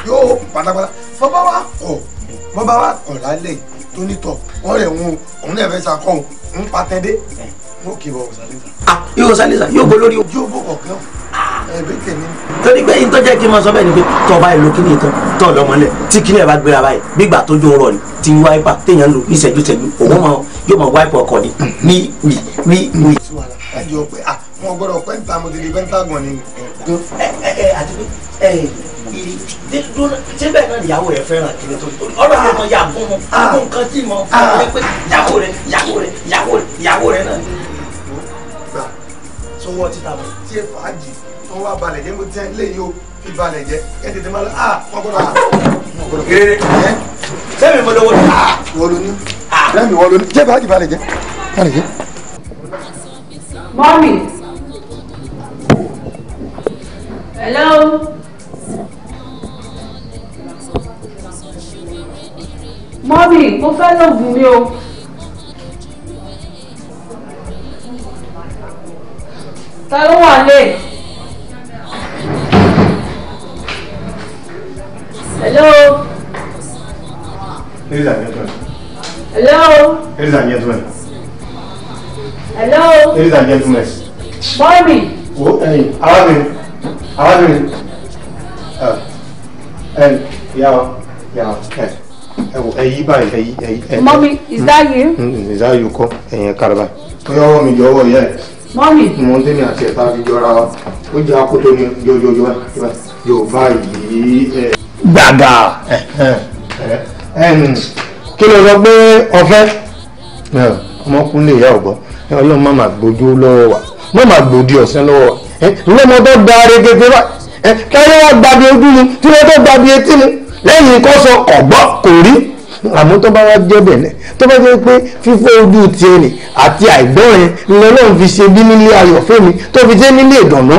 yóò kùn pátápátá bọ́bá wa kọ̀ bọ́bá wa kọ̀ lálẹ́ yìí tó ní tọ̀ wọ́n rẹ̀ wọn òun náà fẹ́ sakọ́ òun ń pa tẹ́dé wọ́n kì í wọ òsàlẹ́sà. Ah, yóò òsàlẹ́sà yóò bó lórí o. yóò bó kọ̀ọ̀kan ah. ẹ̀ẹ́dẹ́ tẹ̀lé. torí pé ìtọ́ jẹ́ kí n máa sọ bẹ́ẹ̀ ni pé tọ́ ọba ìlú kíni ìtọ́ tọ́ ọ̀dọ́mọlẹ̀ tí kíni ẹ̀ bá gbéra báyìí gbígbà tó jó rọ̀ ni ti wáìpà téèyàn ń lò ní ìṣẹ́jú ìṣẹ́jú òun yóò máa wáìpà ọkọ̀ ni wí wí wí wí. ẹ̀jọ̀ pé àwọn ah, gbọ́dọ̀ pẹ́ńtà mo ti di pẹ́ńtà gan ni. ẹ ẹ àti pé síbẹ̀ náà ìyàwó rẹ̀ fẹ́ràn kiri tó ọ̀rọ̀ àwọn ọmọ yà bùn mu gbogbo nǹkan tí mo fẹ́ ẹ pé ìyàwó rẹ̀ ìyàwó rẹ̀ ìyàwó rẹ̀ ìyàwó rẹ̀ náà. gbà sọwọ́ ti tàbí tí ẹ fàájì tó wá balẹ̀ jẹ́ mo tẹ́ lé yìí ó fi balẹ̀ jẹ́ ẹ tètè máa lọ ah wọ́n gbọ́dọ̀ wà. gèrè sẹ́mi mo lówó ni. wọ́n ló ní sẹ́mi wọ́n ló ní jẹ́ fàájì balẹ̀ jẹ́ balẹ̀ jẹ́. mọ́mì hello. mọ́mì mo fẹ́ lògùn mi o. ta ló wà lé. hello. ladies and gentlemen. hello. ladies and gentlemen. hello. ladies and gentlemen. mọ́mì. wo ẹyin arábìnrin arábìnrin ẹ ẹ yàrá yàrá ẹ ẹyí báyìí ẹyí. mọ́mí is that you. Mm, mm, is that you kọ́ ẹ̀yìn karaba. bóyá ọwọ́ mi jọ ọwọ́ ìyá ẹ̀. mọ́mí. mo ń tẹ́lẹ̀ àti ẹ̀ta fi jọra wa ó jẹ́ akoto ni yóyóyó yóò báyìí. gbàgà kí ló sọ pé ọfẹ́ ọmọkùnrin ìyá ọ̀gbọ́n ọlọ́run má máa gbójú lọ́wọ́ wa má máa gbòdì ọ̀sán lọ́wọ́ wa lọ́mọ tó gba arégége wa káyọ̀ wa gbàgbé ojú mi tí wọ́n tó gbàgbé etí mi lẹ́yìn kó sọ ọ̀gbọ́ kò rí àmọ́ tó bá wá jẹ́ bẹ̀rẹ̀ tó bá jẹ́ pé fífọ́ ojú tiẹ̀ nì àti àìgbọ́n yẹn ni ọlọ́run fi ṣe bí nílé ayọ̀ fẹ́mi tó fi jẹ́ nílé ìdùnnú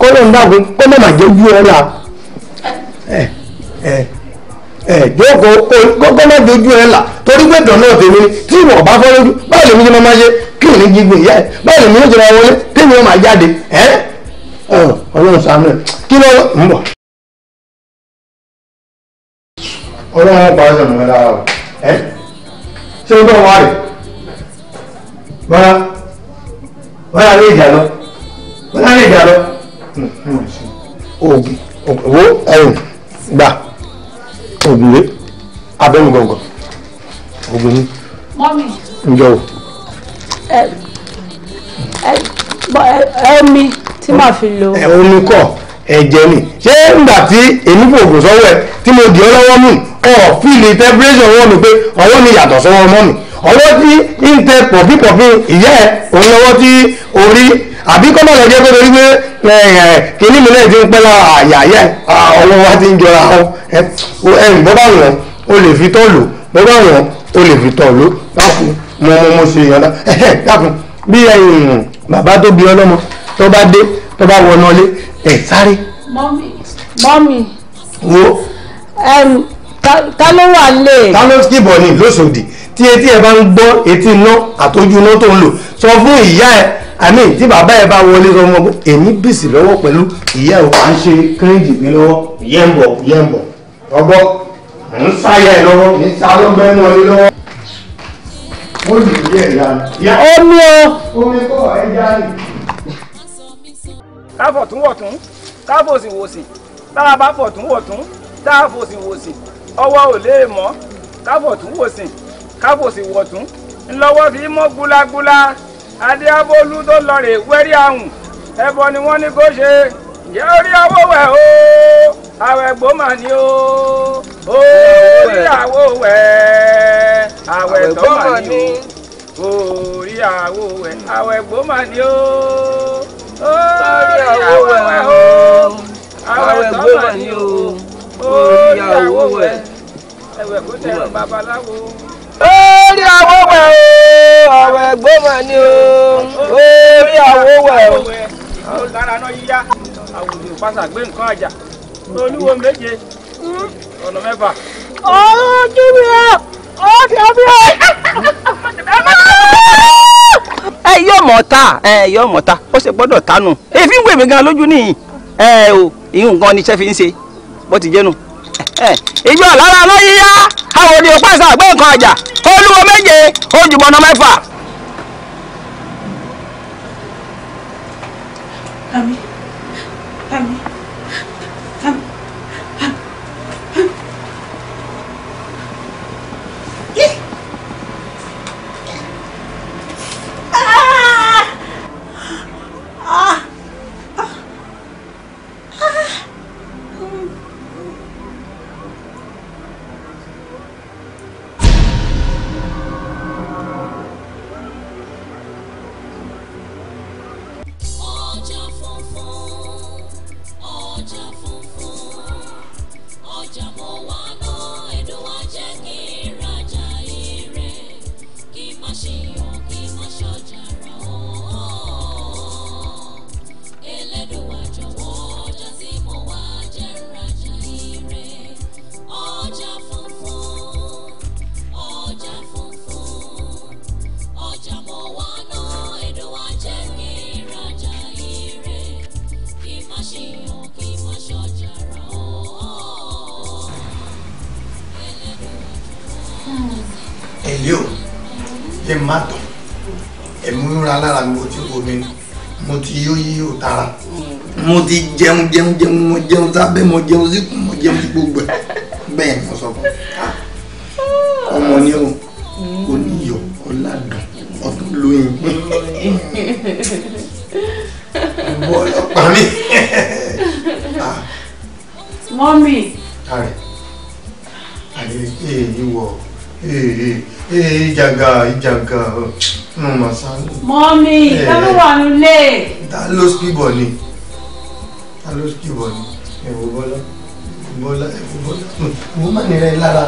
kọ́lọ́run dàgbé kọ́ mọ̀mọ́ jẹ́ ojú ọ̀la ẹ ẹ ẹ jókòó kọ́kọ́ má jẹ́ ojú ọ̀la torí pé ìdùnnú tèmi ni tí ìwọ̀n bá fọ́ lójú báyìí lèmi ni mo máa ṣe kí ni gígùn ìyá ẹ báyìí lèmi ni ó jọra wọlé tèmi ó máa jáde ẹ ọlọ́run ṣàánú ẹ kí lọ́wọ́ ọlọ́run ọ̀pá ọ̀sán nìkan lára o ẹ ṣé o bẹ́ẹ̀ wá rẹ̀ bọ́lá bọ́lá lè jà lọ bọ́lá lè jà lọ. oògùn wo ẹ̀yìn gbà oògùn rẹ abẹ́rù gbọ̀ngàn oògùn ni. mọ́mí. ǹjọ́ o. ẹ ẹ ẹ mi tí màá fi lo. ẹ omi kọ ẹ̀jẹ̀ ni ṣé nígbà tí èmi fò ògùn sọ́wọ́ ẹ̀ tí mo dì ọ́ lọ́wọ́ mú ọ̀ fíìlì tẹ́pẹ́rẹ́sì ọwọ́ mi pé ọwọ́ mi yàtọ̀ sọ́wọ́ ọmọ mi ọwọ́ tí ń tẹ pọ̀fípọ̀fí ìyá ẹ̀ òun lọ́wọ́ tí orí àbí kọ́ máa lọ jẹ́ pé torí pé kìíní mi náà ti ń pẹ́ lára àyà yẹ ọwọ́ wa ti ń jọra ọ ẹ bọ́ bá wọn o lè fi tọ́lù bọ́ bá wọn o lè fi tọ́lù dákun mo mo mo ṣe ìyọ̀dá dákun bí bàbá tó bí ọlọ́mọ tó bá dé tó bá wọnà lé Hey, sorry. Mommy. Mommy. wo. ta ló wà lé. ta ló kíbọ̀ ni lóṣòdì tí etí ẹ bá ń gbọ́ etí iná àtọ́jú iná tó ń lò sọ fún ìyá ẹ àmì tí bàbá ẹ bá wọlé sọ fún ọ èmi bìsì lọ́wọ́ pẹ̀lú ìyá ẹ à ń ṣe kírẹ́ǹdì mi lọ́wọ́ ìyá ń bọ̀ ìyá ń bọ̀ ọgbọ́ mò ń sáyà ẹ lọ́wọ́ mi sá ló bẹ́ẹ̀ mọ́ ẹ lọ́wọ́. ó lè yẹ ìyá omi o omi kọ́ ẹ jáde káfọ̀ tún wọ̀ tún káfọ̀ sì wò sí tá a bá fọ̀ tún wọ̀ tún tá a fò sì wò sí ọwọ́ ò lè mọ́ káfọ̀ tún wò sí káfọ̀ sì wọ̀ tún ńlọ́wọ́ fi mọ́ gúlágúlá adé abólú tó lọ rè wẹ́rí àwùn ẹbọ ni wọ́n ní kó ṣe ǹjẹ́ orí awó wẹ̀ o àwẹ̀ gbọ́mà ni o orí àwò wẹ̀ àwẹ̀ tọ́mà ni o orí àwò wẹ̀ àwẹ̀ gbọ́mà ni o orí àwọ̀ ẹ̀ o àwọ̀ ẹ̀ ẹ̀wẹ̀ kó tẹ̀ orí àwọ̀ ẹ̀ o àwọ̀ ẹ̀ náà yíyá àwùjọ pàṣà gbé nǹkan àjà olúwo méje ọ̀nà mẹ́fà. ọ̀ọ́ kí ni ọ́ ẹ yóò mọ̀ ta ẹ yóò mọ̀ ta ó ṣe gbọ́dọ̀ tánu èéfín wèmí gan lójú nìyí ẹ o ìhùn gan ni iṣẹ́ fi ń ṣe bó ti jẹ́nu ìjọ lára aláyé yá àwọn òde òpàṣẹ àgbẹ̀ nǹkan àjà olúwo méje ojúbọnà mẹ́fà. àmì àmì jẹun jẹun mo jẹun sábẹ́ mo jẹun síkùn mo jẹun sí gbogbo ẹ̀ bẹ́ẹ̀ mo sọ fún ah, ọmọ ni o kò ní iyọ̀ ọ̀làdàn ọdún lóyún ìwọ ọlọ́pàá mi. Ah. mọ́mì. àrẹ àrẹ ee eh, ìwọ ee eh, ee eh, ìjàgà ìjàgà nù màsánù. mọ́mì ta ló wà nílé. ta ló síbọ̀ ni. ìmánì rẹ lára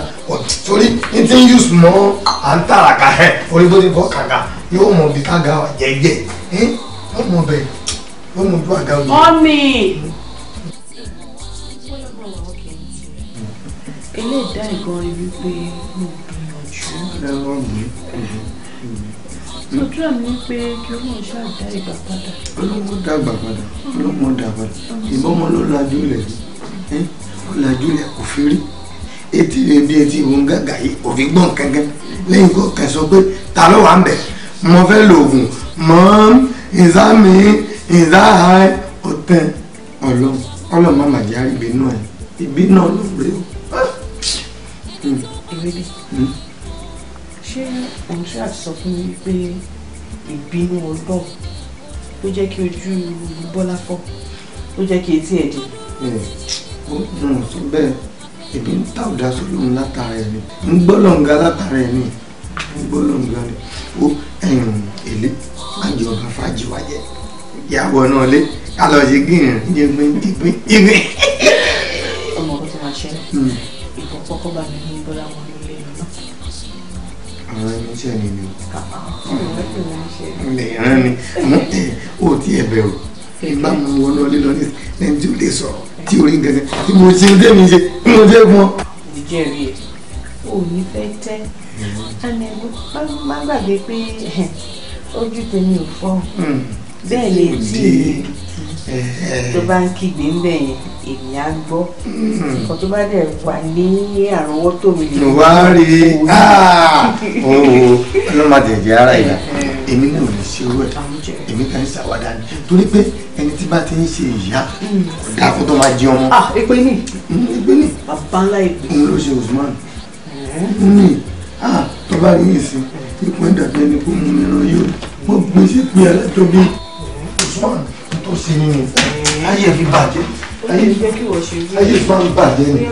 torí ní ti ń yùsù mọ́ à ń tàràkà ẹ̀ orí bó ti bọ́ kàkà yóò mọ ibi tága wà jẹ́jẹ́ ẹ́ yóò mọ bẹ́ẹ̀ yóò mọ ojú àga òye. mọ́mì. eléèdá ìgbọ́n rí wípé mo gbìyànjú. Sotúrà mi pé kí ọlọ́run ṣáàdá ìgbà padà. Ọlọ́run dá ìgbà padà, ọlọ́run dá padà. Ìbọn ọmọ ló lajú ilẹ̀, ó lajú ilẹ̀ kò fi rí etí rẹ bí etí ìwọ̀n gàgà yìí kò fi gbọ́n kankan lẹ́yìn kó kàn sọ pé ta ló wà ń bẹ̀ mo fẹ́ lo oògùn mọ́ ìzá mi ìzá ọ̀tẹ̀ ọlọ́run ọlọ́run má má yára ìbí náà ìbí náà ló rẹ o. ìrèlè ah! hmm. hmm. ṣé òun ṣe àtisọ fún mi pé ìbínú ọlọ́run ló jẹ́ kí ojú bọ́lá fọ́ ló jẹ́ kí etí ẹ̀ dì. Hmm. ó dùn sí bẹ́ẹ̀ èmi ń ta ọ̀dà sólóhùn látara ẹ̀ ni ń gbọ́ lọ́ǹga látara ẹ̀ ni ń gbọ́ lọ́ǹga ni ó ẹ̀yìn èlé májì ọba fàájì wa jẹ ìyàwó náà lé kálọ̀ ṣe gírin ní ẹgbẹ́ ìgbín ìgbín. ọmọ ọkọ tó máa ṣe hmm. ìbọn kọ́kọ́ bá mi ní bọ́lá wọn lórí ẹ̀rọ àwọn ẹni iṣẹ́ ni mi ò lè rán mi àmọ́ ẹ ò tí ẹ ìbámu wọnú ọlẹ́lọ́ní lẹ́ni tí ó lè sọ̀rọ̀ tí orí gẹ̀gẹ̀ tí mo ṣe dé mi ṣe tí mo fẹ́ fún ọ. ìdíjẹ́ rí ẹ. òní fẹ́ tẹ́ má gbàgbé pé ojú tèmi ò fọ́ hmm. bẹ́ẹ̀ lè tí tó bá ń kígbe ń bẹ̀ yẹn èmi á gbọ́ ọkọ̀ hmm. tó bá dẹ̀ wà ní àrọ́wọ́tó mi lè wá rí i ah! ọlọ́run máa ara ìyá èmi náà lè ṣe irú ẹ̀ èmi kàn ń ṣàwádà ni torí pé ẹni tí bá ti ń ṣe ìyá kò dáa fún tó máa jẹ ọmọ. ah èpè ni hmm, èpè ni bàbá ńlá èpè. òun ló ṣe Usman ní hmm. ah tó bá rí ìsìn ipò ìdàgbẹ́ ni kò mú mi ràn yóò wọ́n gbé sípò ẹlẹ́tọ́ bí Usman tó ṣe nínú ayé fi bàjẹ́ ayé Usman bàjẹ́ ni.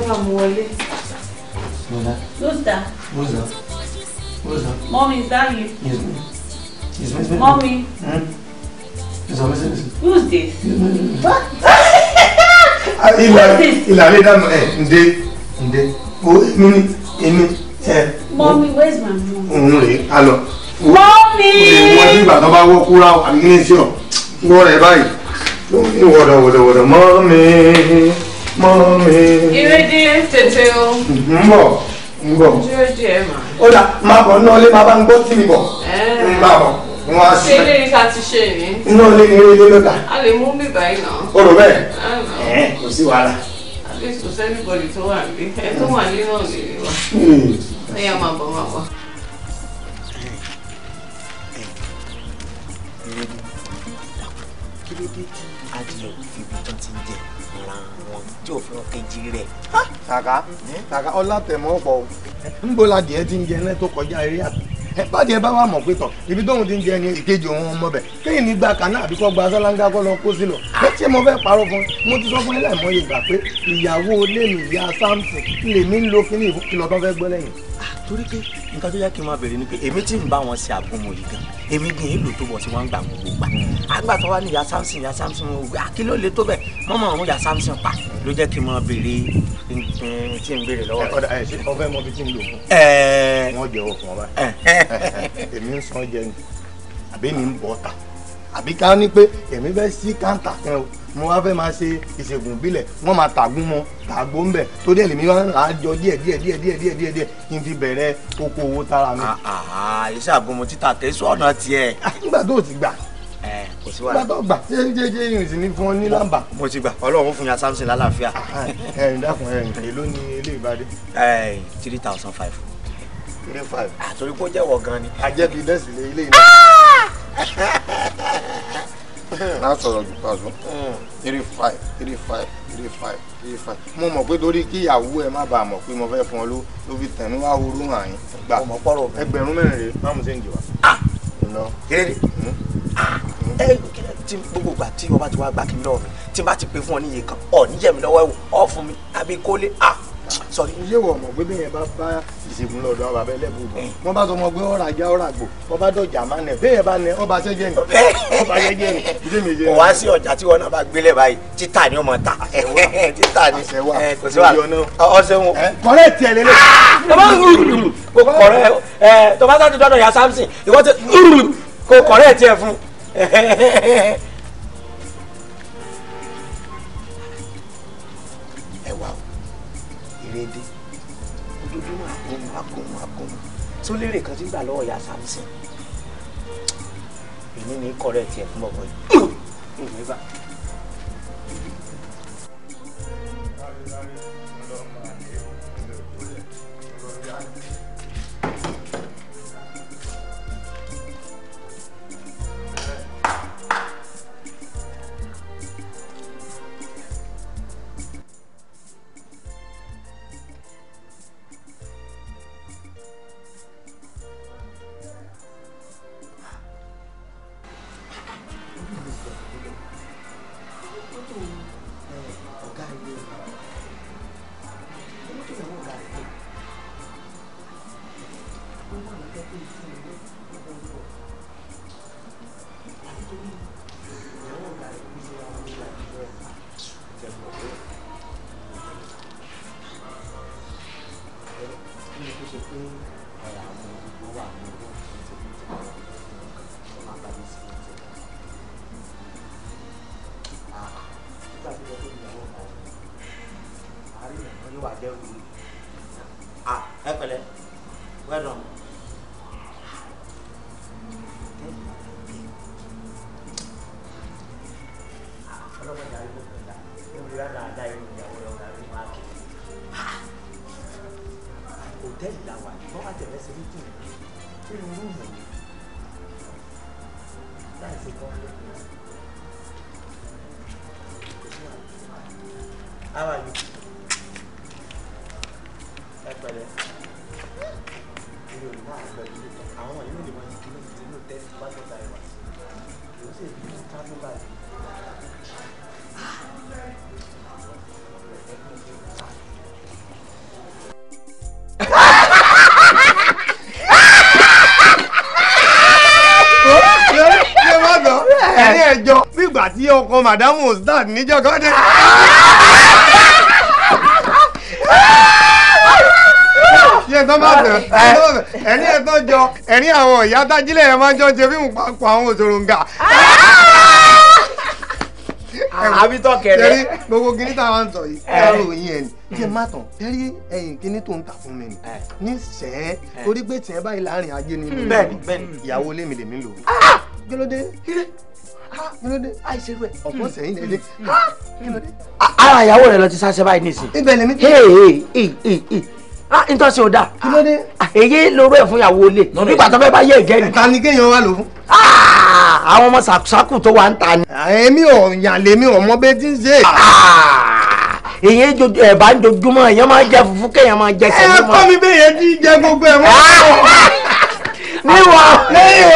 Who's that? Who's that? Who's that? Mom, is that It's my business. Mommy. Hmm? It's my business. Who's this? Ìlàrí dànù ẹ̀ ǹdé ǹdé o Oh, ni èmi ẹ̀. Mommy where's my mom? Òun rèé a lọ. Mommy. Wọ́n ní ìgbà tó bá wọ́ kúrá àbí kí ni sí ọ̀ wọ́ rẹ̀ báyìí. Wọ̀dọ̀ wọ̀dọ̀ wọ̀dọ̀ mommy mommy. Ìrèdí tètè o. Ń bọ̀ ń bọ̀. Dúró díẹ̀ mà. Ó dà máa bọ̀ náà lé máa bá ń gbọ́ tì mí bọ̀. Ń bá bọ̀ wọ́n á ṣe. ṣé ilé yìí ká ti ṣe ní. inú ilé ni ilé lọ́dà. a lè mú bíbá yìí náà. o rò bẹ́ẹ̀. ẹ kò sí wàhálà. at least kò sẹ́nìbọ̀dì tó wà nílé ẹ tó wà nílé náà lè rí hmm. ẹ yà máa bọ̀ máa bọ̀. kílódé ọlá tẹ̀ mọ́ pọ̀ ti ń jẹ náà tó kọjá eré àbí. báàdì ẹ bá wà mọ̀ pé tọ̀ ibi tóun ti ń jẹ ni ìkejì òun ọmọ bẹ̀ kéyìn ní gba àbí kọ́ gba sálángá kọ́ lọ kó sí lọ pé tí mo fẹ́ parọ́ fún mo ti sọ fún ilé gbà pé ìyàwó lèmi ìyá Samson lèmi ń lo fún ìlọ́tọ́ fẹ́ gbọ́ lẹ́yìn. Ah, torí pé nǹkan tó yá kí n máa bẹ̀rẹ̀ ni pé èmi tí ń bá wọn ṣe àgúnmu yìí gan èmi gbìn ìlú tó bọ̀ sí wọn gbà gbogbo gbà hmm. àgbà tó wá ní ìyá Samson ìyá Samson òwe àkílò lè tó bẹ̀ mọ́mọ́ ọ̀run ìyá Samson pa ah, ló jẹ́ kí n máa bèrè tí n bèrè lọ́wọ́ rẹ̀. ọ̀fẹ́ mọ bí tí n lò fún. wọ́n jẹ́ òfin ọba èmi ń sọ jẹ ni àbí mi ń bọ̀ ta àbí ká ní pé èmi fẹ́ sí káńtà kan o mo wá fẹ́ máa ṣe ìṣègùn ìbílẹ̀ wọ́n máa tàgún mọ́ tàgbó ń bẹ̀ tó dé lèmi wọn á jọ díẹ̀ díẹ̀ díẹ̀ díẹ̀ díẹ̀ díẹ̀ díẹ̀ kí n fi bẹ̀rẹ̀ oko owó tara mi. Ah, ah, ah, iṣẹ́ àgọ́mọ títà tẹ̀sùn ọ̀nà tiẹ̀. nígbà tó o ti gbà kò sí wàhálà. gbàtọ́ gbà ṣé ṣé ṣé irin sì ni fún ọ ní lámbà. mo ti gbà ọlọ́run fún ya samson lálàáfíà. ẹ̀yin dákun ẹ̀yin èló ni ilé ìbàdí. ẹ̀yin three thousand five. three five. àtòrí kó jẹ́wọ́ gan ni. ajẹ́ bíi dẹ́sì lé ilé ìlú. náà sọ̀rọ̀ jù pàṣọ three five three five three five three five mo mọ̀ pé torí kí ìyàwó ẹ má bàa mọ̀ pé mo fẹ́ fún ọ ló ló fi tẹ̀nu wá horú hàn yín gbà ẹgbẹ̀rún mẹ́rin rèé má mo ṣe ń jì wá. kéde hmm? hmm? ẹ tí gbogbo gbà tí ọba ti wá gbà kí n lọ mi tí n bá ti pè fún ọ níye kan ọ níyẹ̀mí lọ́wọ́ ẹ̀ wò ọ fún mi àbí kólé à sọrí ilé wọ̀ ọmọ gbébé yẹn bá bá ìṣègùn lọ́dọ̀ àwọn bàbá ẹlẹ́bùn eh. wọn bá sọ ọmọ gbé ọ̀rà já ọ̀rà gbò wọn bá dọ̀jà má nẹ bẹ́ẹ̀ bá nẹ ọba ṣẹ́jẹ́ ni eh. ọba ṣẹ́jẹ́ ni ìdí mi jẹ́ ni. wá sí ọjà tí wọn náà bá gbélé báyìí títà ni ọmọ ta títà ni eh, kò sí wa ọsẹ wọn. kọrẹ tiẹ lele. kò kọrẹ ẹ sáà ti dọ́dọ̀ ya samson ìwọ́n ti kọrẹ tiẹ fún. tó lérè kan tí gbà lọ́wọ́ ìyá sàmùsìn èmi ní kọ́rẹ́ tiẹ̀ fún bọ̀bọ̀ yìí. ṣe pé eh, àwọn olùgbò wà ní ọdún tó ah, ti kú tó máa bá mi sí ọjọ́ nígbà tó yẹ kó ìyàwó kan àárín ìyàwó yóò wà dẹ́rù ah, ẹ pẹ̀lẹ́. madam ustad níjọ́ kan dé. yẹ tán bá tẹ ẹni ẹ tán jọ ẹni àwọn ìyá tájílẹ̀ ẹ máa jọ jẹ fíìmù papọ̀ àwọn òṣòròǹgà àbí tọ́ kẹrẹ. tẹ́rí gbogbo kìíní tá a máa ń sọ yìí ẹ̀rọ òyìn ẹ̀ ní. jẹ́ má tán tẹ́rí ẹ̀yìn kìíní tó ń tà fún mi ni ní sẹ́ẹ̀ torí pé tiẹ̀ báyìí láàrin ajé ni. Hmm. bẹ́ẹ̀ni bẹ́ẹ̀ni ìyàwó ilé mi lèmi lò. Ah! kí ló dé kí ló dé àìṣe rẹ ọ̀pọ̀ hmm. sẹ́yìn lè dé kí ló dé. ara ìyàwó rẹ lọ ti sáṣẹ báyìí nísìn. ibẹ̀ lèmi ti. ntọ́sí ah, ò dáa. kí ah, ló dé. èyí lorú ẹ̀ fún ìyàwó olè nígbà tó fẹ́ bá yé ìjẹ́ ni. ta ni kéèyàn wà ló fún. Ah, àwọn ọmọ sàkúsàkù tó wà ń ta ni. èmi ò yàn lèmi ò mọ bẹ́ẹ̀ tí ń ṣe èyàn jojú ẹ̀ bá ń jojúmọ́ èyàn máa jẹ fùfú kéèyàn máa jẹ sẹ́yìn mọ́. ẹ kọ́ mi bẹ́ẹ̀ yẹn ti jẹ gbogbo ẹ̀ mọ́ níwọ níwọ.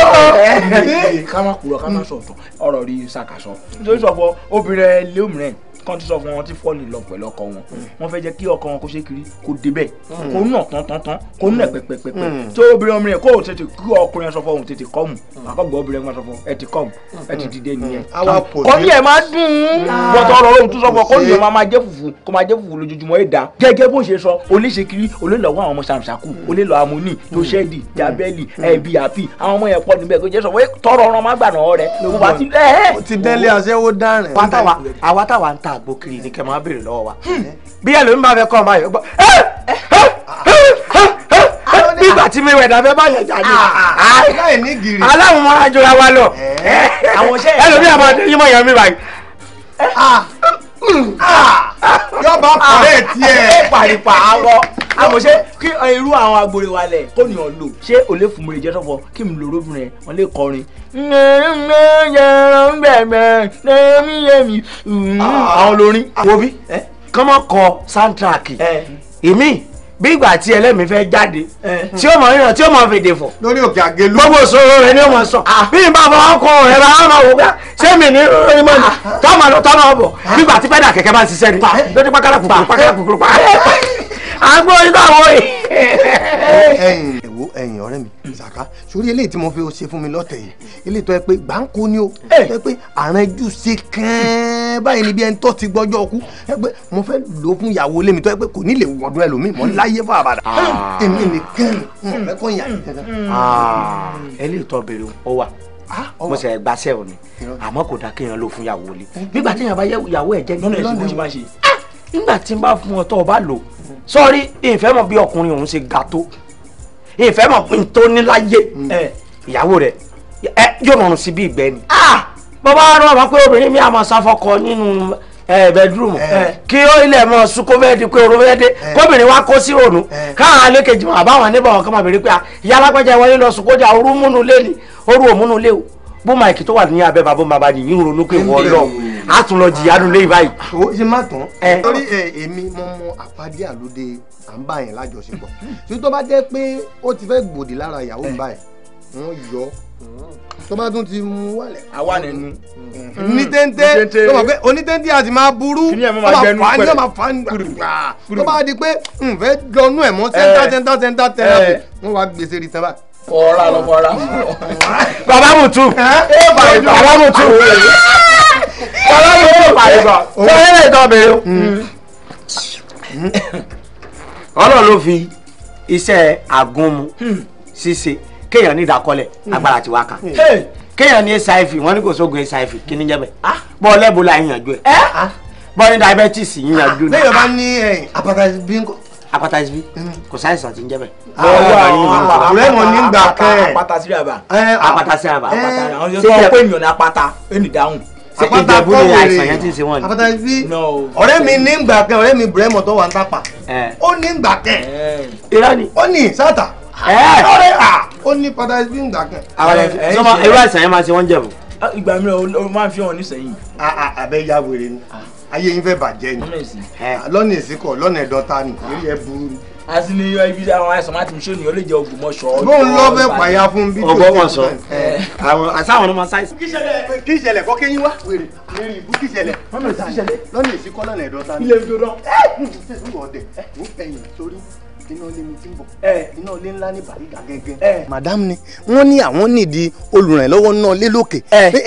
ká má kúrò ká má sọ̀tọ̀ ọ̀rọ̀ rí sàkàsọ nítorí sọ̀fọ̀ obìnrin lé òmìnira tán ti sọ fún wọn ti fọ́ọ̀lì lọ pẹ̀lú ọkọ wọn hmm. wọn fẹ́ jẹ́ kí ọkọ wọn kó ṣe kiri kó débẹ̀ hmm. kó nà tán tán tán kó nà hmm. pẹ́pẹ́pẹ́pẹ́ tó obìnrin ọmọ rẹ̀ kó o tètè kí ọkùnrin ẹ sọ fún òun tètè kọ́ mu àkọ́gbọ́ obìnrin ẹ sọ fún ẹ ti kọ́ mu ẹ ti dìde nìyẹn. kọ́ ní ẹ̀ máa dùn ún ah. bọ́tọ̀ ọ̀rọ̀ ohun tó sọ fún ọ kó ní ẹ̀ máa jẹ́ fùfú kó máa jẹ́ fùfú lójoojúmọ́ ẹ̀ dá gẹ́gẹ́ bó ṣe sọ oníṣekiri olélọ́wọ́ àwọn ọmọ sàmsàkù olélọ́ amúnì tòṣẹ́dì jábẹ́lì ẹ̀bí àpì àwọn ọmọ yẹn pọ̀ níbẹ̀ kó jẹ́ sọ pé tọrọ ọ̀rọ̀ má gbà náà rẹ̀ kó wá ti dẹ́lẹ̀ àṣẹ́wó dárìn. àwa táwa ń ta gbó kiri ni kẹ́ máa hmm. béèrè lọ́wọ́ wa hmm. Hmm. bí ẹlòmíín bá fẹ́ kọ́ ọ máa yọ gbọ́ bí ìgbà tí mi wẹ̀dà fẹ́ bá yẹn jà ah, ah, ah. ní. aláwọn máa jọra wa lọ ẹlòmíín àmọ́ adé yín mọ̀ yẹn mi báyìí yọba pàrẹ tiẹ paripa awọ àmọ́ ṣé kí irú àwọn agbore wa lẹ̀ kó ní ọ̀n lò ṣé ò lè fún mi lè jẹ́ tọ́fọ kí mi lòrò obìnrin wọn lè kọrin. àwọn olórin wo bí kọ́mọ kọ èmi bí ìgbà tí ẹlẹ́mìí fẹ́ jáde tí ó mọ ríran tí ó mọ fèdè fọ̀. lórí òkè àgélú. gbogbo ìṣòro rẹ ni ó mọ sọ. Ah. bí ìbá fọwọ́ kọ rẹ bá wọn máa wò pé ṣé mi ní orí mọ́ni ah. tọ́mọ lọ tọ́mọ bọ̀ nígbà ah. tí pẹ́ẹ́dà kẹ̀kẹ́ bá ń ṣiṣẹ́ ni lórí pákàlà kùkùrù pákàlà kùkùrù pa. àgbo inú àwọn yìí ẹ̀yin ọ̀rẹ́ mi sàká sórí eléyìí tí mo fi ṣe fún mi lọ́tẹ̀ yìí eléyìí tó yẹ pé gbáǹkó ni o tó yẹ pé àrẹ́jú ṣe kẹ́ẹ́ báyìí níbi ẹni tó ti gbọ́jọ́ ọkú ẹ pé mo fẹ́ lò fún ìyàwó lémi tó yẹ pé kò ní lè wọ̀dọ̀ ẹlòmíì mọ́ láyé fún àbàdà ah. èmi nìkan ẹ̀kọ́ ìyá yìí kankan. Mm. Ah. eléyìí tó bèrè ọ wà ah, mo ṣe gbàṣẹ òní àmọ́ kò dá kéèyàn lò fún ìyàwó lé nígbà tí n bá fún ìfẹ́ mọ̀ bí ọkùnrin òun ṣe ga tó ìfẹ́ mọ̀ n tó ní láyé ìyàwó rẹ̀ yóò rọrùn sí bí ìgbẹ́ ni. bàbá ah! wa rán pé obìnrin mi àmọ́ sáfọ́kọ nínú bẹ́dúrúmù kí ó ilẹ̀ mọ́ sukúfẹ́ẹ́dì pé orúfẹ́ẹ́dì kóbìnrin wa kó sí òòlù káwọn alékejì mọ̀ àbáwọn níbọ̀ wọn kọ́ máa pé ah, ìyá alágbájá wọlé lọ sùkójà orú múnú lé orú òmúnú lé bó máa kì tó wà ní abẹ́ bàbá bàbá nìyí ń ronú pé wọ́n lọ́wọ́ a tún lọ jìyà nù lé báyìí. o ṣe má tán. torí èmi mo mọ àpàdé àlóde à ń bá yẹn lájọṣepọ̀ tí tó bá jẹ́ pé ó ti fẹ́ gbòdì lára ìyàwó ń báyìí wọ́n yọ tó bá tún ti mú wálẹ̀. àwa nínú. Mm. ní téńté tó mọ̀ pé onítéńté àti máa burú tó máa fà á ní tó fà á ní gbà ah. tó bá di pé nfẹ́ lọ́nú ẹ̀ mọ́ sẹ́ńtà sẹ́ńtà sẹ́ńtà tẹ́lẹ̀ wọ́n wá gbèsè rí sábà fọ́ra lọ fọ́ra. bàbá Mùtù bàbá Mùtù. Kọ́lá ló wò pàdé bá. Sọ́yìn lè tọ́ bèrè o. Ọlọ́run ló fi iṣẹ́ àgúnmu ṣíṣe kéèyàn ní ìdákọ́lẹ̀ agbára ti wá kan. Kéèyàn ní HIV wọ́n ní kò sóògùn HIV kí ni jẹ́ bẹ́ẹ̀. Ah! Bọ́ọ̀ lẹ́bù la yànjú ẹ̀. Eh? Ah! Bọ́ọ̀ ní diabetes yànjú náà. Bẹ́ẹ̀ bá ní eh, hepatitis B ńkọ́ hepatitis B mm. kò sáyẹ̀sì àti ń jẹ́ bẹ̀. ọ̀rẹ́ wọn ní gbà kẹ́ ẹ̀ hepatitis B àbá. Eh! hepatitis àbá. ṣé ẹ pé ní apata ẹnì dáhùn ìjẹ̀bú ni àìsàn yẹn ti ń ṣe wọ́n ni. àpáta sí ọ̀rẹ́ mi ní ìgbà kan ọ̀rẹ́ mi bùrẹ́mọ̀ tó wà ń tàpá ó ní ìgbà kan ó ní ìsáta ọ̀rẹ́ à ó ní pátá sí ìgbà kan. irú àìsàn yẹn máa ṣe wọ́n jẹ̀bú. ìgbà mìíràn o máa fi hàn nísẹ̀yìn. àbẹ̀ ya wèrè ni ah. ayé yín fẹ́ bàjẹ́ ni lọ́nà ìsìnkọ̀ lọ́nà ẹ̀dọ́ta ni eré ah. ẹ burú ni àti ní ibi àwọn àìsàn máa ti ṣe ènìyàn lè jẹ Ògbómọ̀ṣọ́. mo ń lọ bẹ pàyà fún bí. Ògbómọ̀ṣọ́ àwọn àtàwọn ọmọ sáìsì. kí ṣẹlẹ̀ kí ṣẹlẹ̀ kọ kéyìn wá wèrè wèrè ibú kí ṣẹlẹ̀ lọ́nà ìsìkọlọ́nà ẹ̀dọ́ta. ilé ìdòdó. ẹ ẹ ń bọ̀ ọdẹ ń bẹ̀yìn sórí inú ilé mi ti ń bọ̀ inú ilé ńlá ní bàrígà gẹ́gẹ́. madam ni wọ́n ní àwọn nídìí olùrànlọ́wọ́ náà lé lókè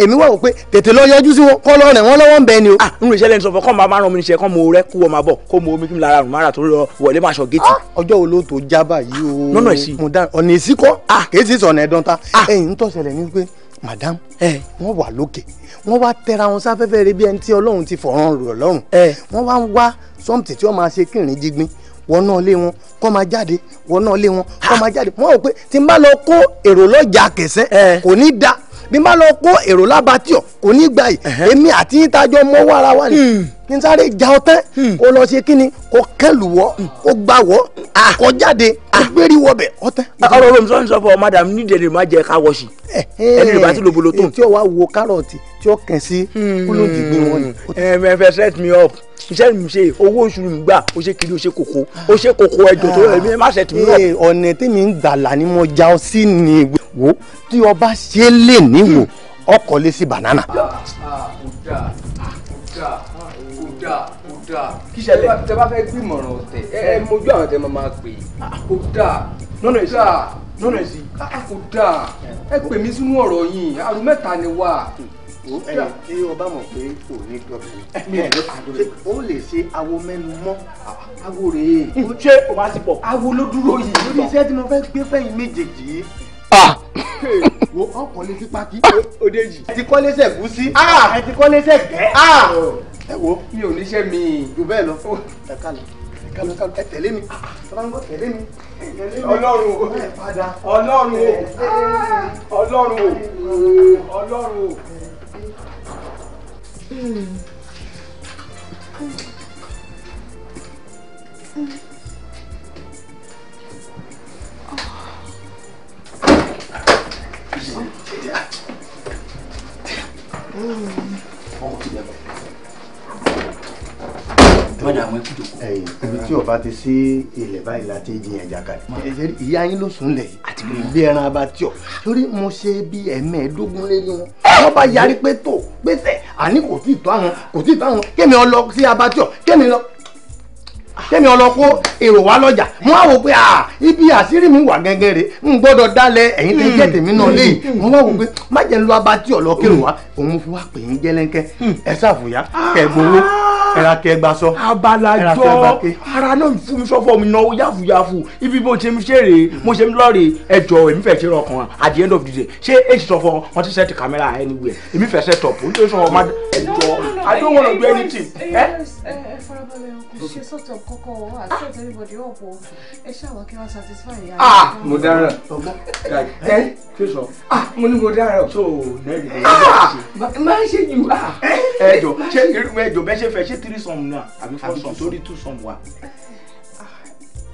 èmi wà wò pé tètè lọ yọjú sí wọn kọ́ lọ́rẹ̀ wọn lọ́wọ́ ń bẹ ni o. Ah, n rò ìṣẹ̀lẹ̀ nsọfọ kọ́ máa máa ràn mí níṣẹ́ kọ́ mo rẹ́ kú ọmọ abọ̀ kó mo omi kí mi lára rùn mára tó lọ wọlé máa ṣọ géètì. Ah, ọjọ́ wo ló tó já báyìí o. nọ́nà ìsì. ọ̀nà ìsì kọ́ ah. kì í sì sọ̀nà ẹ̀dán ta ẹ̀yìn ń tọ̀sẹ̀lẹ̀ ní pé madam wọ́n wà lókè wọ́n wá tẹra wọn sáfẹ́fẹ́ rẹ bí ẹni tí ọlọ́run ti fọ̀ràn rọ̀ lọ́rùn wọ́n wá ń wá sọ́ọ̀mùtì tí wọ́n máa ṣe kírìn jígbín wọnú ilé wọn kọ́ máa jáde wọnú ilé wọn kọ́ máa jáde wọ́n rò pé tí n bá lọ kó èrò lọ́jà kẹsẹ́ kò ní da bí n bá lọ kó èrò lábàtíọ̀ kò ní gbà yìí èmi àti yín tájọ mọ́wọ́ ara wa ni hmm. kí n sáré ja ọtẹ́ kó lọ ṣe kí ni kó kẹ́lù wọ́ hmm. kó gbà wọ́ ah. kó jáde agbérí ah. wọbẹ ọtẹ. Ah, ọ̀rọ̀ ọ̀rọ̀ sọ ń sọ fún ọ madam nídìí ẹni máa jẹ ká wọṣì eh, eh. ẹni lè bá ti lobolo tó. tí o wá wo kárọ̀tì tí o kàn sí hmm. olóògì gbé wọn. Eh, ẹ ẹ fẹ set me up iṣẹ́ mi ṣe owó oṣù mi gbà ó ṣe kiri ó ṣe kòkó ó ṣe kòkó ẹjọ́ tó rẹ̀ mi má set me up. ọ̀nà tèmi ń gbàlà ni mo ja ọ sí ni wo tí ọba ṣe lè níwò ọkọ̀ lé sí banana. ọ̀dà ah, ọ̀dà kí ṣẹlẹ̀. tẹ bá fẹ́ gbìmọ̀ràn ọ̀tẹ̀ ẹ ẹ mojú àwọn tẹ máa pè é ah, kò dáa nọ́nà èsì nọ́nà èsì kò dáa ẹ pè mí sínú ọ̀rọ̀ yìí àrùn mẹ́ta ni wà ẹni tí o bá mọ̀ pé kò ní dọ́kítà o lè ṣe awo mẹ́nu mọ́ ah, ah. awo rèé. ṣé o máa ti bọ̀. awo ló dúró yìí. lórí iṣẹ́ tí mo fẹ́ gbé fẹ́yìn méjèèjì yìí Ah. Ah. wo ọkùnrin sí pákí. òdejì ah, ẹ ti kọ́lé sẹ̀gúsí. ẹ ti kọ́lé sẹ̀gẹ́. ẹ wo mi ò níṣẹ́ mi jù bẹ́ẹ̀ lọ. Oh. ẹ ká lọ kálọ kálọ ẹ tẹ̀lé mi tọ́lánkọ tẹ̀lé mi ọlọ́run o ọlọ́run o ọlọ́run o ọlọ́run o. Mm-hmm. Hmm. ibi tí ọba ti sí ilẹ̀ báyìí la ti jiyàn jàkadì. ìyá yín ló sùn lẹ̀ àti ilé ẹran aba tí ọ torí mo ṣe bí ẹ̀mẹ́ẹ̀ẹ́dógún lé ní wọn wọn bá yarí pé tó pèsè àní kò tí ì tó àwọn kò tí ì tó àwọn kémi ọ lọ sí aba tí kémi lọ kémi ọlọ́kó èrò wá lọ́jà mo á wò pé ibi àṣírí mi wà gẹ́gẹ́ rè n gbọ́dọ̀ dálẹ̀ ẹ̀yin tẹ́ jẹ́ tèmi náà léyìí hmm. mo wá wò pé má jẹ́ ń lọ abatí ọlọ́kẹ́rò wá òun fi wá pè yín jẹ́lẹ́ńkẹ́ hmm. ẹ ṣàfùyà ah. kẹgbowó ẹ̀ra kẹ gba sọ. abalajọ ara náà fún mi fọfọ mi náà yáfùyáfù ibi bó ṣe mi ṣe rèé mo ṣe mi lọ́ọ̀rè ẹjọ́ èmi fẹ́ ṣe rọkàn at the end of the day ṣé èsì sọ fún wọn ti set camera anywhere èmi fẹ́ set up nítorí sọ fún ọmọ ẹjọ́ I don't wanna do anything. ẹ ẹ eh? eh, eh, farabalẹ̀ kò ṣe sọ́tọ̀ kọ́ kọ́kọ́ wọ́n accept everybody up o ẹ kí wọ́n satisfy ìyá ah mo dára ọgbọ́n ẹ kí sọ ah mo ní mo dára o. so nẹ́ẹ̀dì ẹ̀ ẹ̀ máa ń ṣe jù ah ẹ̀jọ̀ ṣé irú ẹ̀jọ̀ bẹ́ẹ̀ ṣe fẹ́ ṣé three sum náà àbí four sum torí two sum wa.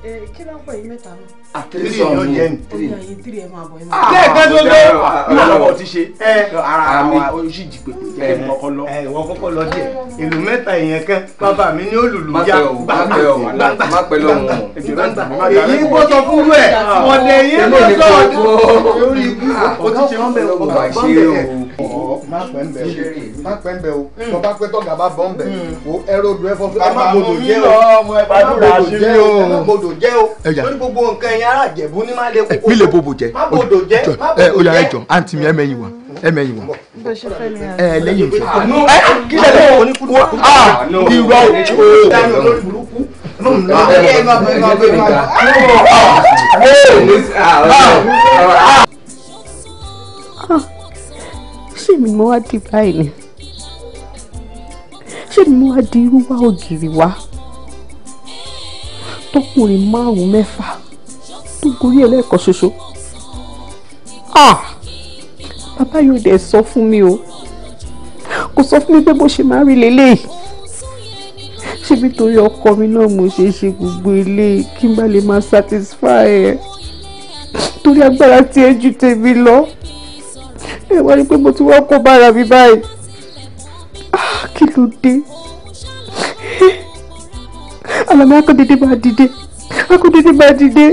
Eh, kí ló ń pè yín mẹ́ta náà. àtẹ̀lé yóò jẹ́ ní. ó yàn yín tírì ẹ̀ máa bọ̀ ẹ̀ máa. ṣé ah, ẹ̀gbẹ́ tó dé ìlọ́wọ́ ti ṣe ara mi oṣù jìgbègbè jẹ́ ẹ̀ eh, kọ́kọ́ lọ. ẹ̀ eh, wọ́n kọ́kọ́ lọ díẹ̀ ìlú mẹ́ta ìyẹn kan bàbá mi ní olùlù já gbàgbà má pẹ́ lọ́wọ́ èyí kò sọ fún rẹ̀ ah. ọ̀dẹ̀ yín ló sọ lórí ikú ah, o ti ṣe wọ́n bẹ̀ o bá ṣe o má pẹ́ ń bẹ̀ o má pẹ́ ń bẹ̀ o tó bá pẹ́ tọ́gà bá bọ́ ń bẹ̀ hmm. o ẹ̀rọ odò ẹ̀fọ́ fún ẹ̀ má gbọdọ̀ ẹ̀ má gbọdọ̀ jẹ́ bòdò jẹ́ o lórí gbogbo nǹkan ẹ̀yin ará Ìjẹ̀bú ní máa lè kókó mi lè bòbò jẹ́ má bòdò jẹ́ má bòdò jẹ́ ó yá ẹ jọ̀ọ́ àǹtí mi ẹ̀mẹ̀yìn wá ẹ̀mẹ̀yìn wá ẹ lẹ́yìn ìfẹ́ kí lè lè wọ́n ní irọ́ o. ṣé mi mo wá di báyìí ni ṣé mi mo wá di irú wa ògiri wa tọkùnrin márùn mẹ́fà tó gorí ẹlẹ́ẹ̀kan ṣoṣo ah! bàbá yóò dẹ̀ sọ fún mi o kò sọ fún mi pé bó ṣe máa rí leléyìí ṣebí torí ọkọ mi náà mo ṣe ṣe gbogbo ilé kí n bá lè máa satisfy ẹ torí agbára tí ẹ ju tèmi lọ ẹ wá rí pé mo ti wá kó bára mi báyìí ah! kí ló dé àlàmì akọ̀dédé máa dìde akọ̀dédé máa dìde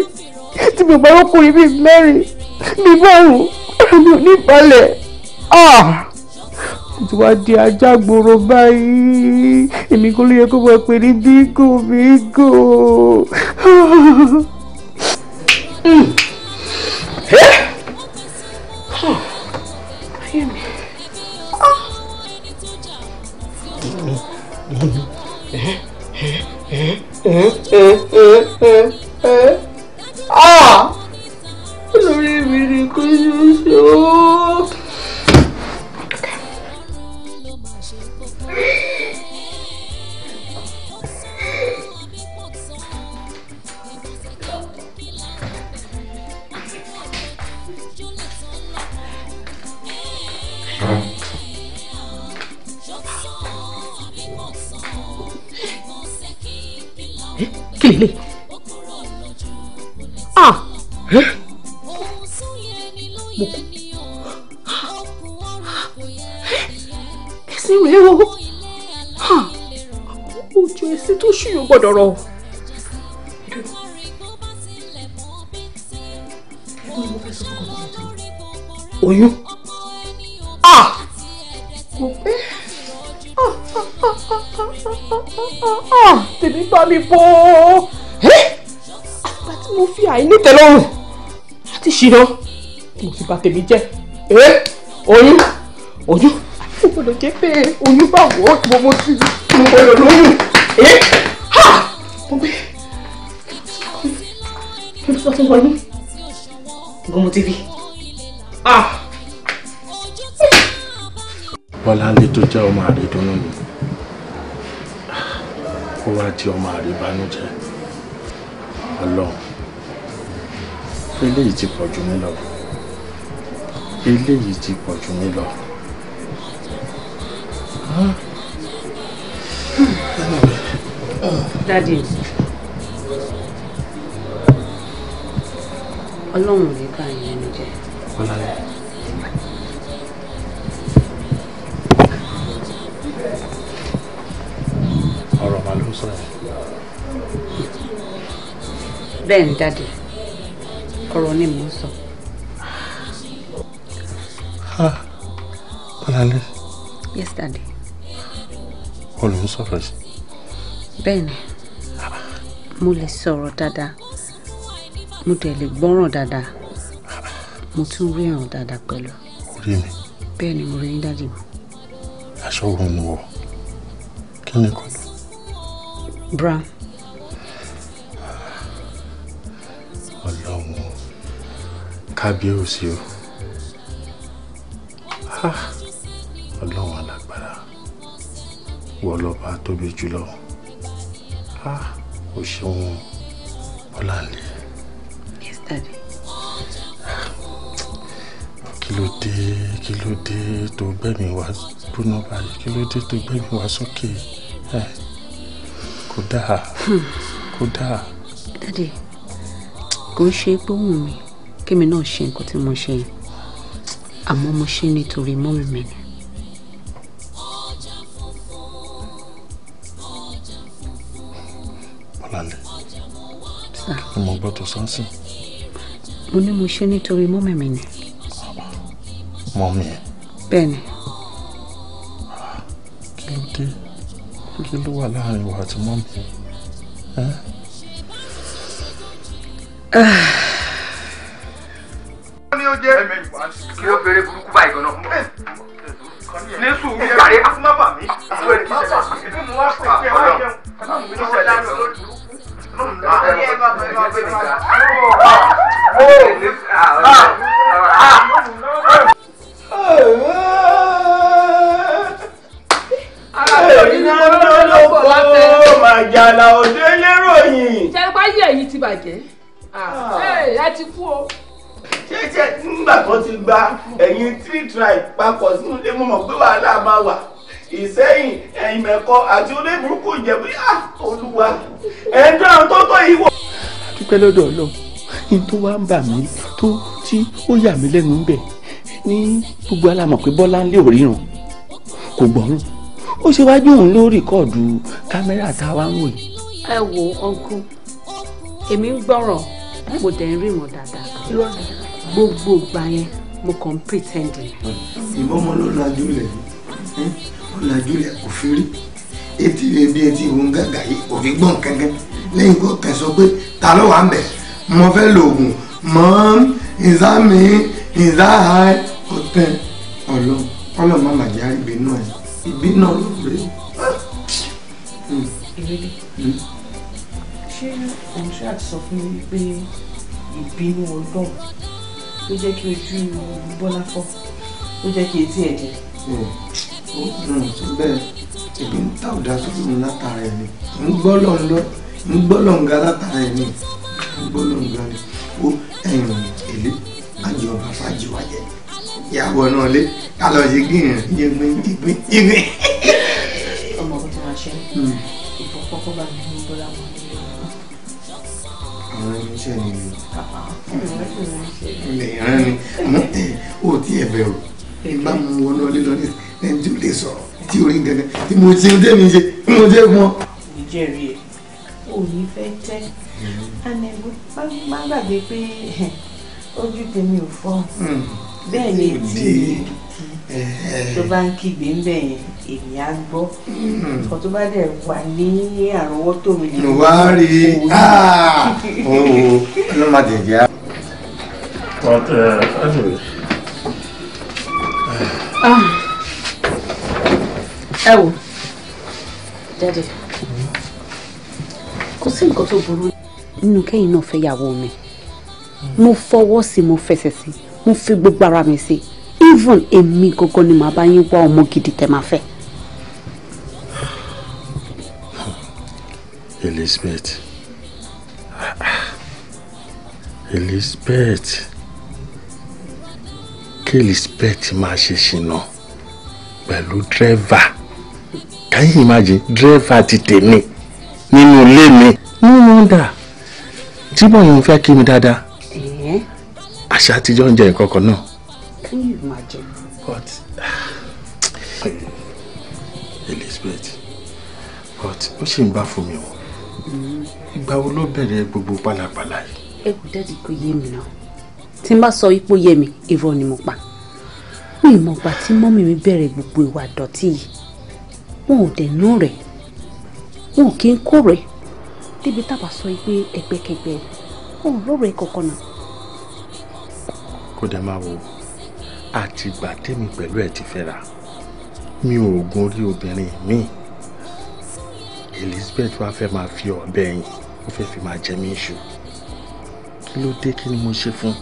tí mo bá ọkùnrin bíi mẹ́rin bíi márùn-ún mi ò ní ìbálẹ̀ ah! tí wàá di ajá gbòòrò báyìí èmi kò lè yẹ kó máa pè ní bíngò bíngò. Ah! Mm. Yeah. Mm-hmm. mm-hmm. mm-hmm. dọ̀rọ̀. oyún. kò ah! pẹ́ ah! tèmi bá mi bọ́ àgbà tí mo fi àìní tẹ́lọ́rùn láti ṣìnà mo ti bà tèmi jẹ́. eléyìí ti pọ̀ jù mí lọ eléyìí ti pọ̀ jù mí lọ. dádì ọlọ́run ní bá yẹn ẹni jẹ́. ọ̀rọ̀ màá ló ń sọ̀rọ̀. bẹ́ẹ̀ ni dádì nìkan ni mò ń sọ. Bọ́láńlé. Yes, Daddy. Wọ́n ló ń sọ̀rọ̀ sí. Bẹ́ẹ̀ni, mo lè sọ̀rọ̀ dáadáa, mo dẹ̀ lè gbọ́ràn dáadáa, mo tún ríran dáadáa pẹ̀lú. O rí mi. Bẹ́ẹ̀ni, mo rí yín dájú. Aṣọ wo ni wọ̀? Kí ni kọ́nà? Brown. kábíyèsí o ọlọ́run alágbára wọ́n lọ́ba tóbi jùlọ o ṣeun ọláńlé. yes daddy. kí ló dé kí ló dé tó gbẹ̀mí wá gbóná báyìí kí ló dé tó gbẹ̀mí wá sókè kódà kódà. Hmm. daddy kò ń ṣe gbóhùn mi kémi náà ṣe nǹkan tí mo ṣe yẹn àmọ́ mo ṣe nítorí mọ́mì mi ni. Bọ́láńdé kí mo gbọ́ tó sánsì. mo ní mo ṣe nítorí mọ́mì mi ni. mọ́mì ẹ̀. bẹ́ẹ̀ ni. kí ló dé kí ló wà láàrin wa àti mọ́mì ẹ̀. just ẹ̀kọ àti oníburúkú ìjẹ̀bú yá olúwa ẹ̀dá tó tó ìwọ. dúpẹ́ lọ́dọ̀ ọlọ́run ní tó wá ń bà mí tó tí ó yà mí lẹ́nu ń bẹ̀ ní gbogbo alamọ̀ pé bọ́lá ń lé òríran kò gbọ́rùn ó ṣe wájú òun ló rìkọ́ọ̀dù kámẹ́rà tá a wá ń wò. ẹ wo ọkú èmi ń gbọ́ràn mo dẹ̀ ń ríran dáadáa gbogbo ìgbà yẹn mo kàn ń pretend. ìbọn ọmọ ló lajú rẹ̀ ó lajú rẹ̀ kò fi rí etí rẹ̀ bí etí ìwọ̀n gàgà yìí kò fi gbọ́n kankan lẹ́yìn kó kàn sọ pé ta ló wà ń bẹ̀ mo fẹ́ lo oògùn mọ́ ìzá mi ìzá ha ọ̀tẹ̀ ọ̀lọ́ ọlọ́ má màjá ìbí náà ìbí náà ló rẹ̀. ìrèlè hmm. ṣé òun ṣáà ti sọ fún mi pé ìbínú ọlọ́run ló jẹ́ kí ojú Bọ́lá fọ́ ló jẹ́ kí etí ẹ̀ jẹ́. Hmm. bẹ́ẹ̀ ebi ń ta ọ̀dà sójú mi látara ẹ̀ ni ń gbọ́ lọ́n lọ ń gbọ́ lọ́n ga látara ẹ̀ ni ń gbọ́ lọ́n ga ni ó ẹ̀yìn èlé àjọ ọba fàájì wà jẹ ìyàwó náà lé kálọ̀ ṣe gírin yégbé yégbé yégbé. ọmọ kò tó máa ṣe hmm. ìfọ̀kọ́kọ́ bá mi ní bọ́lá wọn àwọn oníṣẹ́ ni mi ilẹ̀ ìran ni àmọ́ ẹ̀ ò tí ẹ̀ bẹ̀rù ìbámu wọnú ọlẹ́lọ́lẹ́ ẹni tí ó lè sọ̀rọ̀ tí orí gẹ̀gẹ̀ tí mo ṣe ń tẹ́mi ṣe tí mo ṣe fún ìjẹ́rìí ẹ̀ ò ní fẹ́ tẹ́ ànẹ́gbẹ́ má gbàgbé pé ojú tèmi ò fọ́ hmm. bẹ́ẹ̀ ni tí tó bá ń kígbe ń bẹ̀ èmi á gbọ́ hmm. nǹkan tó bá dẹ̀ wà ní àrọ́wọ́tò mi lè wá rí òun ah! ló má tẹ̀ jẹ́. But uh, anyway. Ah ẹ wò dẹ́dẹ̀ kò sí nǹkan tó burú nínú kẹ́yìn náà fẹ́ yàwó mi mo fọwọ́ sí mo fẹsẹ̀ sí mo fi gbogbo ara mi sí even èmi gangan ni màá bá yín wá ọmọ gidi tẹ́ máa fẹ́. Elizabeth Elizabeth kí Elizabeth máa ṣe ṣìnà pẹ̀lú dírẹ́fà can you imagine dírẹ́fà ti tèmi nínú ilé mi no wonder tí bọ́yìn ń fẹ́ kí mi dáadáa eh? àṣà àtijọ́ ń jẹ ìkọ̀kọ̀ náà. can you imagine. but Elizabeth but ó ṣì ń bá fún o mm. ìgbà wo ló bẹ̀rẹ̀ gbogbo pálapàla yìí. ẹ kò dẹ́ẹ̀dì kò yé mi náà tí n bá sọ ipò yé mi ìwọ ni mo pa mi ìmọ̀gbà tí mọ́mì mi bẹ̀rẹ̀ gbogbo ìwà dọ̀tí yìí wọn ò dẹ̀ nú rẹ̀ wọn kì í kó rẹ̀ débi tábà sọ pé ẹgbẹ́kẹgbẹ́ wọn ò lọ́rọ̀ ẹ̀ kọ̀ọ̀kan náà. kó dẹ̀ máa wo àtìgbà tèmi pẹ̀lú ẹ̀ ti fẹ́ra mi ò gun orí obìnrin mi Elizabeth wá fẹ́ máa fi ọ̀bẹ yín ó fẹ́ fi máa jẹ mí ṣù kí ló dé kí ni mo ṣe fún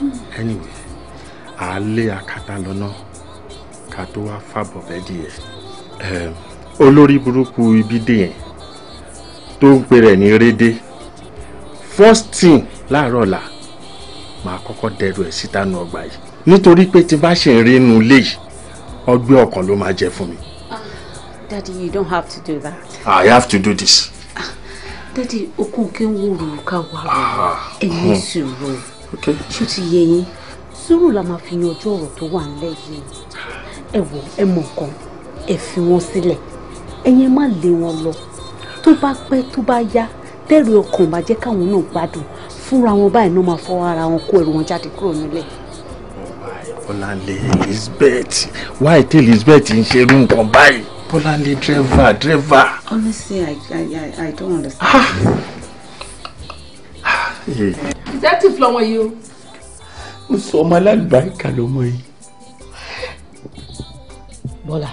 un anyway àá lé akátá lọ ká tó wá fàbọ̀ fẹ́ díẹ̀ olórí burúkú ibi dè yẹn tó ń pè rẹ̀ ní rédé first thing láàárọ̀ la màá kọ́kọ́ dẹrù ẹ̀ síta nu ọgbà yìí nítorí pé tí bá ṣe ń rí inú ilé yìí ọgbẹ́ ọkàn ló máa jẹ fún mi. Ah, Daddy, you don't have to do that. I have to do this. Ah, Daddy, okun kí n wúru ká wà ah, ẹni hmm. sùúrù ṣó ti yẹ yín sùúrù la máa fi yanjú ọ̀rọ̀ tó wà nílẹ̀ yìí ẹ wò ẹ ẹ fi wọn sílẹ̀ ẹ̀yin má lé wọn lọ tó bá pẹ́ tó bá yá tẹ́rù ọkàn bá jẹ́ káwọn náà gbádùn fúnra wọn báyìí náà máa fọwọ́ ara wọn kó ẹrù wọn jáde kúrò nílé. bọ́láńlé Elizabeth why tí Elizabeth ń ṣe irú nǹkan báyìí bọ́láńlé driver driver. honestly i i i, don't understand. Ah! Ah, eh. detective lọmọ yìí mo sọ ọmọ alágbàáyé kà lọmọ yìí. Bọ́lá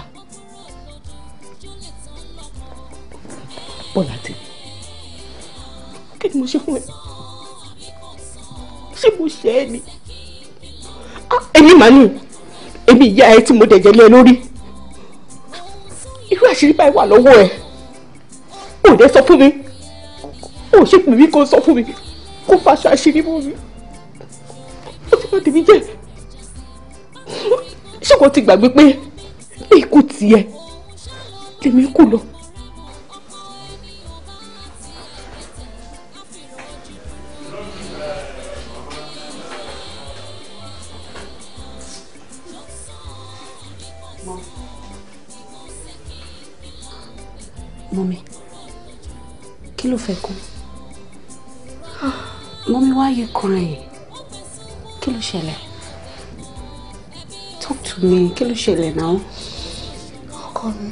Bọ́lá tèmi kí ni mo ṣe fún ẹ ṣé mo ṣe ẹ ni èmi ah, màá ní èmi ìyá ẹ tí mo dẹ̀jẹ̀ lé ẹ lórí irú àṣírí báyìí wà lọ́wọ́ ẹ ò dé sọ fún mi ò ṣe pè mí kó sọ fún mi kó faṣọ àṣírí fún mi ó ti bá tèmi jẹ ṣé kò ti gbàgbé pé ikú tiẹ̀ lèmi kù lọ. mọ́mí kí ló fẹ́ kú ah, mọ́mí wáyé kọrin kí ló ṣẹlẹ̀ talk to me kí ló ṣẹlẹ̀ náà ọkọ mi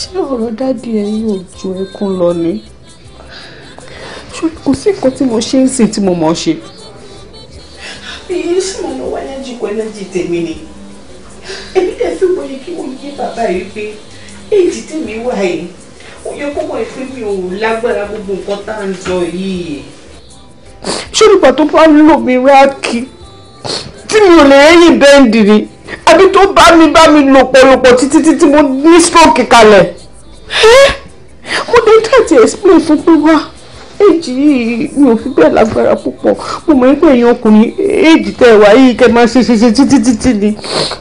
ṣé ọ̀rọ̀ dádì ẹ yóò ju ẹkún lọ ni kò sí nǹkan tí mo ṣe ń sìn tí mo mọ̀ ṣe. èyí sì mo lọ wá ẹlẹ́jì kọ ẹlẹ́jì tèmi ni èmi dẹ̀ fi wọ́n yẹ kí wọ́n yé bàbá yìí pé èyí tèmi wà yìí ó yẹ kó wọ́n pé mi ò lágbára gbogbo nǹkan tá à ń sọ yìí. ṣé olùgbà tó bá lò mí rákì tí mi ò lè rẹ́yìn bẹ́ẹ̀ dìrì tó bá mi bá mi lòpọ̀lòpọ̀ títí títí mo ní stroke kalẹ̀ mo dé tàti explain fún pé wá èjì yìí mi ò fi bẹ́ẹ̀ lágbára púpọ̀ mo mọ̀ pé èèyàn ọkùnrin èjì tẹ́ ẹ wá yìí kẹ́ máa ṣe ṣe ṣe títí títí ni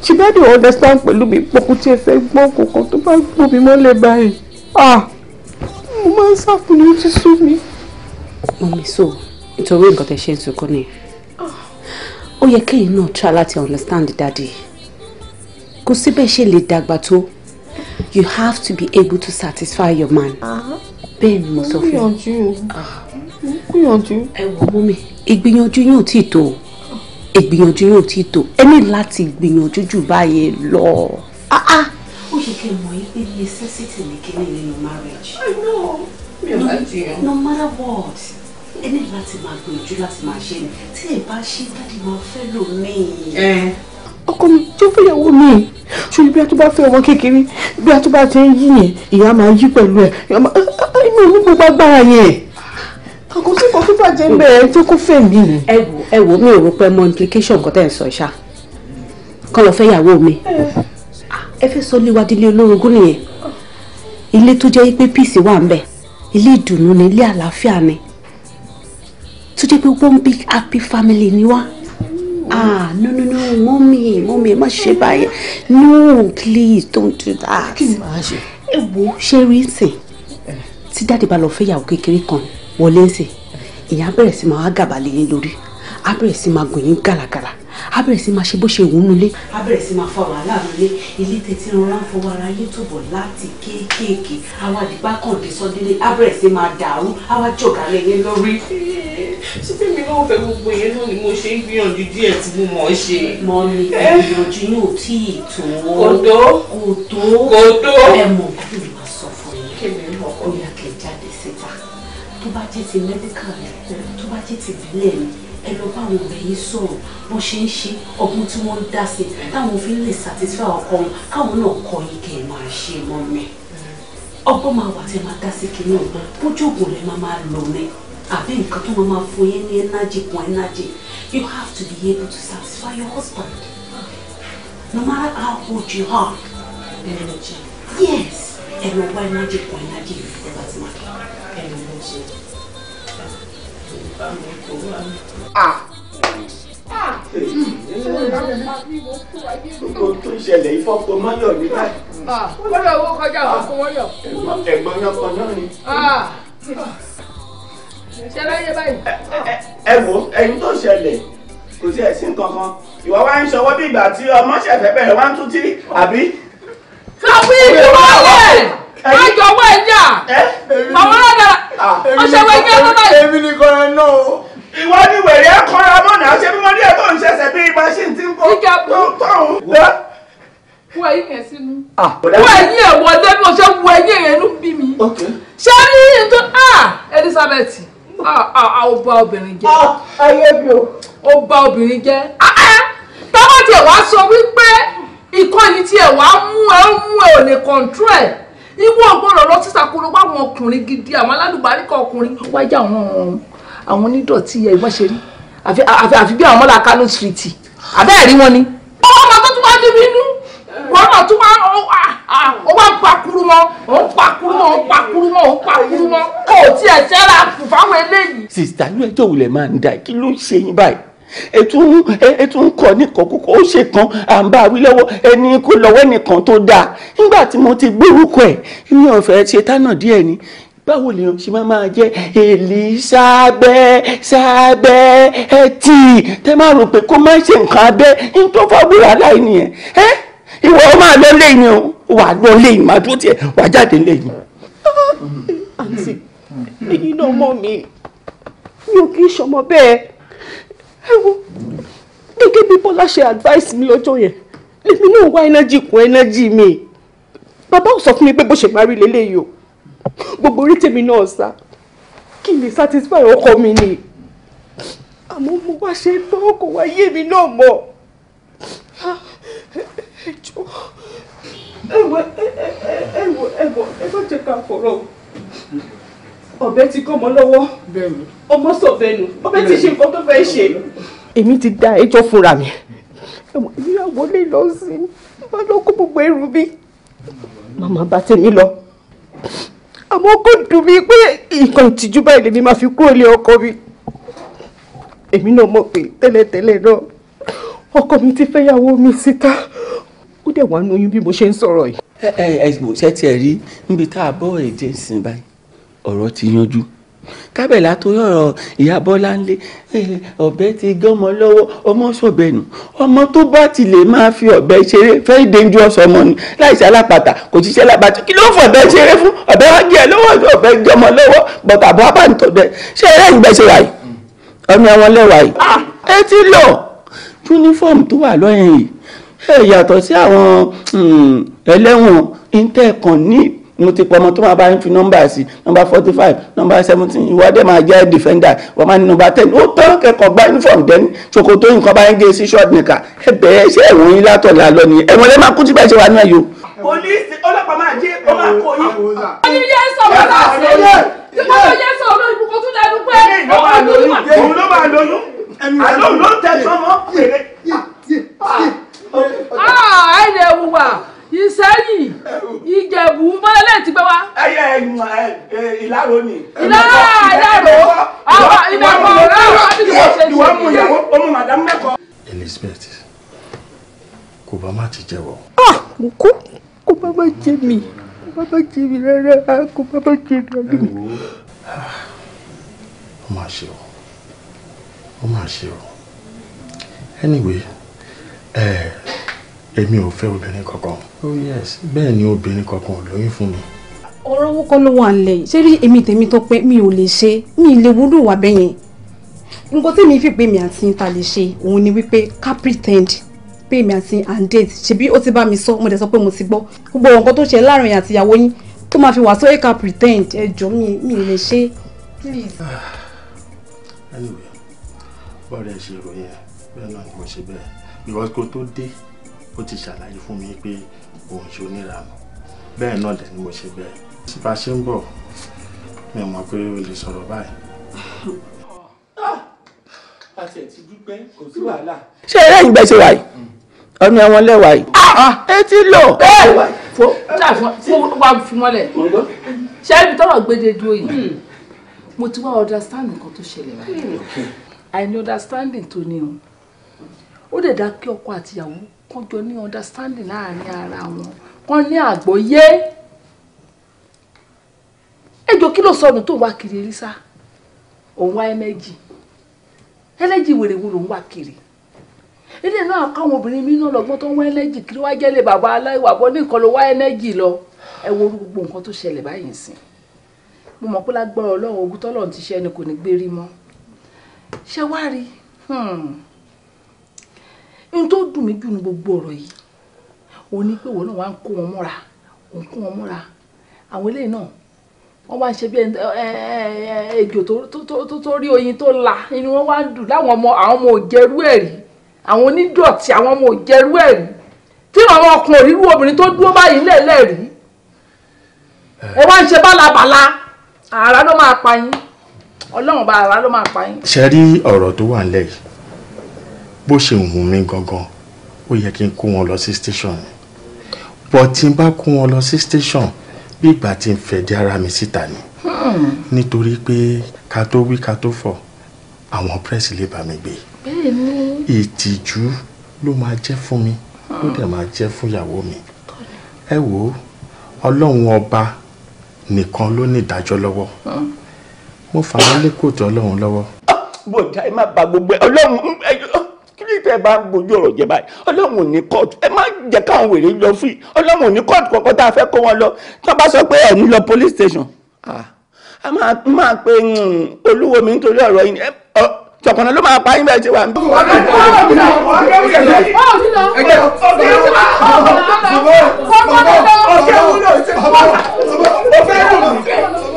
ṣe bá dé understand pẹ̀lú mi pọ̀kú tí ẹ fẹ́ gbọ́ kọ̀ọ̀kan tó bá gbọ́ mi mọ́lẹ̀ báyìí ah mo máa ń sàkùnrin ó ti sú mi. mọ̀mí so nítorí nǹkan tẹ ṣe ń sunkún ni ah. ó yẹ kéèyàn náà try láti understand daddy kò síbẹ̀ ṣe lè dàgbà tó you have to be able to satisfy your man. Ah. bẹ́ẹ̀ ni mo sọ fún yín. Ah. gbìyànjú. ẹ wò mọ́ mi ìgbìyànjú yóò tí ì tó ìgbìyànjú yóò tí ì tó ẹ ní láti gbìyànjú jù báyẹn lọ. Ah, ó yẹ kí n mọ̀ yí pé necessity ni kí ni nínú marriage. I know mi ò láti yàn. no matter what ẹ ní láti máa gbìyànjú láti máa ṣe ni tí ẹ bá ṣe dáàdi máa fẹ́ lò mí. Eh ọkọ mi jẹ́ fẹ́yàwó mi ṣùgbọ́n bí a tó bá fẹ́ ọmọ kékeré bí a tó bá ti ń yí yẹn ìyá máa yí pẹ̀lú ẹ̀ ah, ah, ah, inú mi gbogbo agbára yẹn kò sí kò fífà jẹ́ ń bẹ̀rẹ̀ tó kó fẹ́ mi. ẹ wo ẹ wo mi ò rò pé mọ implication nǹkan tẹ́ ẹ sọ ṣá kọ́ lọ fẹ́yàwó mi ẹ fẹ́ sọ léwádìí olórogún nìyẹn ilé tó jẹ́ pé peace wà ń bẹ̀ ilé ìdùnnú ni ilé àlàáfíà ni tó jẹ́ pé one big happy family ni wá ah no no no mommy mommy ma ṣe báyẹn no please don't do that. kí ni màá ṣe. ẹ wo ṣe rí sìn eh. tí dáàdì bá lọ fẹ́ yàwó kékeré kan wọlé sìn ìyá bẹ̀rẹ̀ sí ma gàbà lé yín lórí á bẹ̀rẹ̀ sí máa gùn yín gàlàgàlà á bẹ̀rẹ̀ sí máa ṣe bó ṣe wù ú nulẹ̀ á bẹ̀rẹ̀ sí máa fa wàhálà nulẹ̀ ilé tẹ̀tí rọra ń fọwọ́ ara yín tó bọ̀ láti kéékèèké àwa àdìgbà kan dé sọdílé á bẹ̀rẹ̀ sí máa dàrú àwa jọ̀gá lẹ́yìn lórí. ṣé fẹ́mi náà fẹ́ gbogbo yẹn náà ni mo ṣe ń gbìyànjú díẹ̀ tí mo mọ̀ ọ́ ṣe. mọ ni ìgbìyànjú yóò tí ì tó. kò tó kò ẹ mọ̀ bí mo máa sọ fún yín. kí ẹ lọ bá àwọn ọ̀rẹ́ yín sọ̀rọ̀ wọ́n ṣe ń ṣe ọgbọ́n tí wọ́n ń dá sí táwọn fi lè satisfy ọkọ wọn káwọn náà kọ yín ẹ máa ṣe mọ́ ọgbọ́n máa wà tẹ́ máa dá sí kinní ọ̀gbọ́n bójú ògùn lẹ́ máa máa lò ní àbí nǹkan tó máa máa fún yín ní energy kún energy you have to be able to satisfy your husband no matter how old you are energy yes ẹ lọ wá energy kún energy ẹ lọ lọ Gbogbo tó ṣẹlẹ̀ ìfọ́pọ̀ mọ́yọ̀ ní báyìí. Ó lọ́dọ̀ owó kọjá ìfọ́pọ̀ mọ́yọ̀. Ẹ̀gbọ́n náà kan náà ni. Ṣé láyé báyìí? Ẹ wo ẹyin tó ṣẹlẹ̀ kò sí ẹ̀sìn kankan. Ìwọ wá ń ṣọwọ́ bí ìgbà tí ọmọ ṣẹ̀fẹ̀ bẹ̀rẹ̀ wá ń tún tírí àbí? Kàwé ìwọ́lẹ̀! Májọ̀wọ́ ẹ̀yà! Àwọn ọlọ́dà ọ̀sẹ̀ wẹ̀ ní ọmọ báyìí. èmi ni kọ́ra náà o. ìwọ ni wèrè ẹ kọ́ra mọ́ náà ṣé bí wọ́n ní ẹ̀tọ́ ìṣẹ̀ṣẹ̀ bí ipa ṣì ń ti ń kó tó tóun. wọ ẹyin yẹn sínú ah, wọ ẹyin yẹn wọ ọdẹ bí mo ṣe wọ ẹyin yẹn ló ń bí mi ṣé rí i tó Elizabeth ah, ah, ó bà obìnrin jẹ́ ó bà obìnìn jẹ́ eh, tọ́wọ́ tiẹ̀ wá sọ wípé ìkọ́ni tiẹ̀ wá mú ẹ ó mú ẹ ò lè control ẹ̀ ìwọ ọgbọ́rọ̀ lọ sísàkúrò wá àwọn ọkùnrin gidi àwọn alálùbáríkà ọkùnrin wájà àwọn àwọn onídọ̀tí ẹ̀ wọ́n ṣe rí àfi bí àwọn ọmọlá kánú street àbẹ́ẹ̀ rí wọn ni. ọwọ́ màá tó tún wá débi inú wọn náà tún wá ó wá pakuru mọ́ ó ń pakuru mọ́ ó ń pakuru mọ́ ó ń pakuru mọ́ kò tiẹ̀ sẹ́ra fáwọn eléyìí. sista inú ẹjọ́ wulẹ̀ máa ń da kí ló ń ṣe yín báyìí ètún ètún kọ níkọkúkọ ó ṣe kan à ń bá wí lọ́wọ́ ẹni kò lọ́wọ́ nìkan tó dáa nígbà tí mo ti gbórúkọ ẹ̀ mi ò fẹ́ ṣe tánà díẹ̀ ni báwo lèèyàn ṣe máa máa jẹ Elizabeth sábẹ́ ẹtì tẹ́ máa rò pé kó má ṣe nǹkan abẹ́ ní tó fọ́bùrà láì nìyẹn ẹ́ ìwọ máa lọ lẹ́yìn o wà lọ lẹ́yìn máa dúró tiẹ̀ wà jáde lẹ́yìn. àǹtí èyí náà mọ̀ mi mi ò kì í ṣọmọ bẹ́ẹ̀ ẹ wo gẹ́gẹ́ bí bọ́lá ṣe advice mi lọ́jọ́ yẹn lèmi náà wá energy, kún energy mi bàbá ò sọ fún mi pé bó ṣe máa rí lélẹ́yìí o gbogbo orí tèmi náà sá kí n satisfy ọkọ mi ni àmọ́ mo wá ṣe gbọ́ kó wá yé mi náà mọ̀ ẹjọ́ ah, ẹwọ ẹwọ ẹwọ ẹwọ ẹ má jẹ́ ká fọ̀rọ̀ o ọ̀bẹ ti gọmọ lọ́wọ́ ọmọ sọ̀bẹ̀nù ọ̀bẹ ti ṣe nǹkan tó fẹ́ ṣe. èmi ti dá ẹjọ́ fúnra mi ìyàwó lè lọ sí má lọ kó gbogbo ẹrù mi màmá bá tèmi lọ àmọ́ kò dùn mí pé nǹkan ìtìjú báyìí lèmi máa fi kúrò lé ọkọ mi èmi náà mọ̀ pé tẹ́lẹ̀tẹ́lẹ̀ náà ọkọ mi ti fẹ́yàwó mi síta ó dẹ̀ wá ń oyún bí mo ṣe ń sọ̀rọ̀ yìí. ẹ ẹ ẹ ṣe tiẹ̀ rí níbi tá a bọ́ èdè sìn báyìí ọ̀rọ̀ ti yanjú kábẹ̀lá tó yọ̀rọ̀ ìyá bọ́lá ńlé ọ̀bẹ ti gánmọ lọ́wọ́ ọmọ sọ̀bẹ nù ọmọ tó bá ti lè máa fi ọ̀bẹ ṣeré very dangerous ọmọ ni láìsí alápàtà kò ṣiṣẹ́ lápàtà kí ló fọ̀ ọ̀bẹ ṣeré fún ọ̀bẹ wá gé ẹ lọ́wọ́ ọ̀bẹ gánmọ lọ́wọ́ bọ̀tà bọ́ abáǹtọ̀ bẹ ṣé ẹ lẹ́yìn gbẹ́sẹ̀ wáyé ọmọ àwọn lẹ́wàá yìí ah! ẹ ti lọ yúnífọ̀mù tó wà lọ́yìn yìí ẹ yàtọ̀ hmm, mo ti pọ ọmọ tó máa bá ń fi nọ́mbà sí nọ́mbà forty five nọ́mbà seventeen ìwọ dẹ̀ máa jẹ́ defender wọ́n máa ní nọ́mbà ten ó tọ́ kẹ́kọ̀ọ́ gba uniform dẹ́ni ṣòkòtò nǹkan bá ń gé sí short nìkan ẹ bẹ̀rẹ̀ ṣé ẹ̀wọ̀n yín látọ̀ là lọ nìyẹn ẹ̀wọ̀n lẹ́ máa kú tí bẹ́ẹ̀ ṣe wà náà yìí. polisi ọlọ́pàá máa jẹ́ ọmọ akọ̀yìn. ọ̀nìyẹ sọ̀rọ̀ láti ṣe tí mo lọ yẹ sọ̀rọ̀ ìbùkún tún lẹ́nu pé ọmọ ló máa ìsẹ́yìn ìjẹ̀bù mọ́lẹ́lẹ́ ti gbé wa. ẹyẹ ìlàró ni. ìlàró ìlàró àwọn ìdàpọ̀ ọ̀rọ̀ àti ìwọ ṣe ti. ìwọ mú ìyàwó ọmọ màdámù Elizabeth kò bá má ti jẹ́wọ́. Ah, mo kú kò bá má jẹ mi kò bá má jẹ mi rárá kò bá má jẹ mi rárá. ó mà ṣe o ó mà ṣe o anyway èmi ò fẹ́ obìnrin kankan. oh yes bẹ́ẹ̀ ni obìnrin kankan ò lóyún fún mi. ọ̀rọ̀ owó kọ́ ló wà nílẹ̀ yìí ṣé rí èmi tèmi tó pé mi ò lè ṣe mi lè wúlò wà bẹ́ẹ̀ yẹn nǹkan tèmi fi pé mi àti ta lè ṣe òun ni wípé ká pretend pé èmi àti and date ṣebí ó ti bá mi sọ mo dẹ̀ sọ pé mo ti gbọ́ gbogbo nǹkan tó ṣe láàrin àtìyàwó yín tó máa fi wà sóyè ká pretend ẹ jọ mi mi lè ṣe please. anyway bọ́ọ̀dù ẹ̀ ṣe ìròyìn ẹ̀ bẹ́ẹ̀ náà ni mo ṣe bẹ́ẹ̀ because kó tó dé ó ti ṣàlàyé fún mi pé òun ṣe oníranù bẹ́ẹ̀ náà dẹ̀ ni mo ṣe bẹ́ẹ̀ tí bá ṣe ń bọ̀ mi mọ̀ pé o lè sọ̀rọ̀ báyìí. àṣẹ ti dúpẹ́ kò sí wàhálà. ṣé eré ìgbẹ́ ṣe wà yìí ọ̀nà ẹ̀wọ̀n lẹ́wà yìí. etí ah! ah! lò. fo wá fi mọ́lẹ̀ ṣé ibi tọrọ gbédè dúró yìí hmm. mo ti wá understand nǹkan tó ṣẹlẹ̀ báyìí àìní hmm, understanding tó ní o ó lè dá kí ọkọ àtìyàwó kán jọ ní understanding láàrin ara wọn kán ní àgbọ́yé ẹjọ kí ló sọnù tó wá kiri rí sá òun wá ẹnẹjì ẹlẹ́jì wèrè wo lòun wá kiri ilé náà káwọn obìnrin mi náà lọ́gbọ́n tó ń wá ẹnẹ́jì kí ló wá jẹ́lé bàbá aláìwàbọ̀ ní nǹkan ló wá ẹnẹ́jì lọ ẹ wo gbogbo nǹkan tó ṣẹlẹ̀ báyìí sìn mo mọ̀ pé lágbára ọlọ́run ogun tọ́lọ́run ti ṣe ẹni kò ní gbérí mọ́ ṣé wá rí hmm n tó dùn mí jù ní gbogbo ọ̀rọ̀ yìí òun ni pé òun náà wá ń kó wọn mọ́ra òun kó wọn mọ́ra àwọn eléyìí náà wọ́n wá ń ṣe bí ejò tó rí oyin tó la inú wọn wá ń dùn láwọn ọmọ àwọn ọmọ òjẹrú ẹ̀ rí àwọn onídọ̀tí àwọn ọmọ òjẹrú ẹ̀ rí tí àwọn ọkùnrin onírú obìnrin tó dúró báyìí lẹ́ẹ̀lẹ́ rí ẹ wá ń ṣe bálabàla ààrá ló máa pa yín ọlọ́run bá ààrá ló máa pa yín. ṣe rí ọ̀rọ̀ tó wà nílẹ̀ yìí bó ṣe wù mí gangan ó yẹ kí n kó wọn lọ sí station ni bọ̀ tí n bá kó wọn lọ sí station bí ìgbà tí n fẹ̀dí ara mi síta ni hmm. nítorí pé ká tó wí ká tó fọ̀ àwọn pírẹ́sì lè bá mi gbé ìtìjú ló máa jẹ́ fún mi ló dẹ̀ máa jẹ́ fún ìyàwó mi ẹ wò ó ọlọ́run ọba nìkan ló ní ìdájọ́ lọ́wọ́ hmm. mo fà wọ́n lé kóòtù ọlọ́run lọ́wọ́. bọ̀dá ẹ má bà gbogbo ẹ ọlọ́run ẹ yọ torí tẹ bá ń gbójú ọ̀rọ̀ jẹ báyìí ọlọ́run ò ní kóòtù ẹ má jẹ́ káwọn wèrè lọ free ọlọ́run ò ní kóòtù kọ̀ọ̀kan tá a fẹ́ kó wọn lọ tó bá sọ pé ẹ̀ ní lọ police station a máa máa pe olúwo mi nítorí ọ̀rọ̀ yìí tọkànnà ló máa pa yín bẹ́ẹ̀ ti wà. ọ̀gá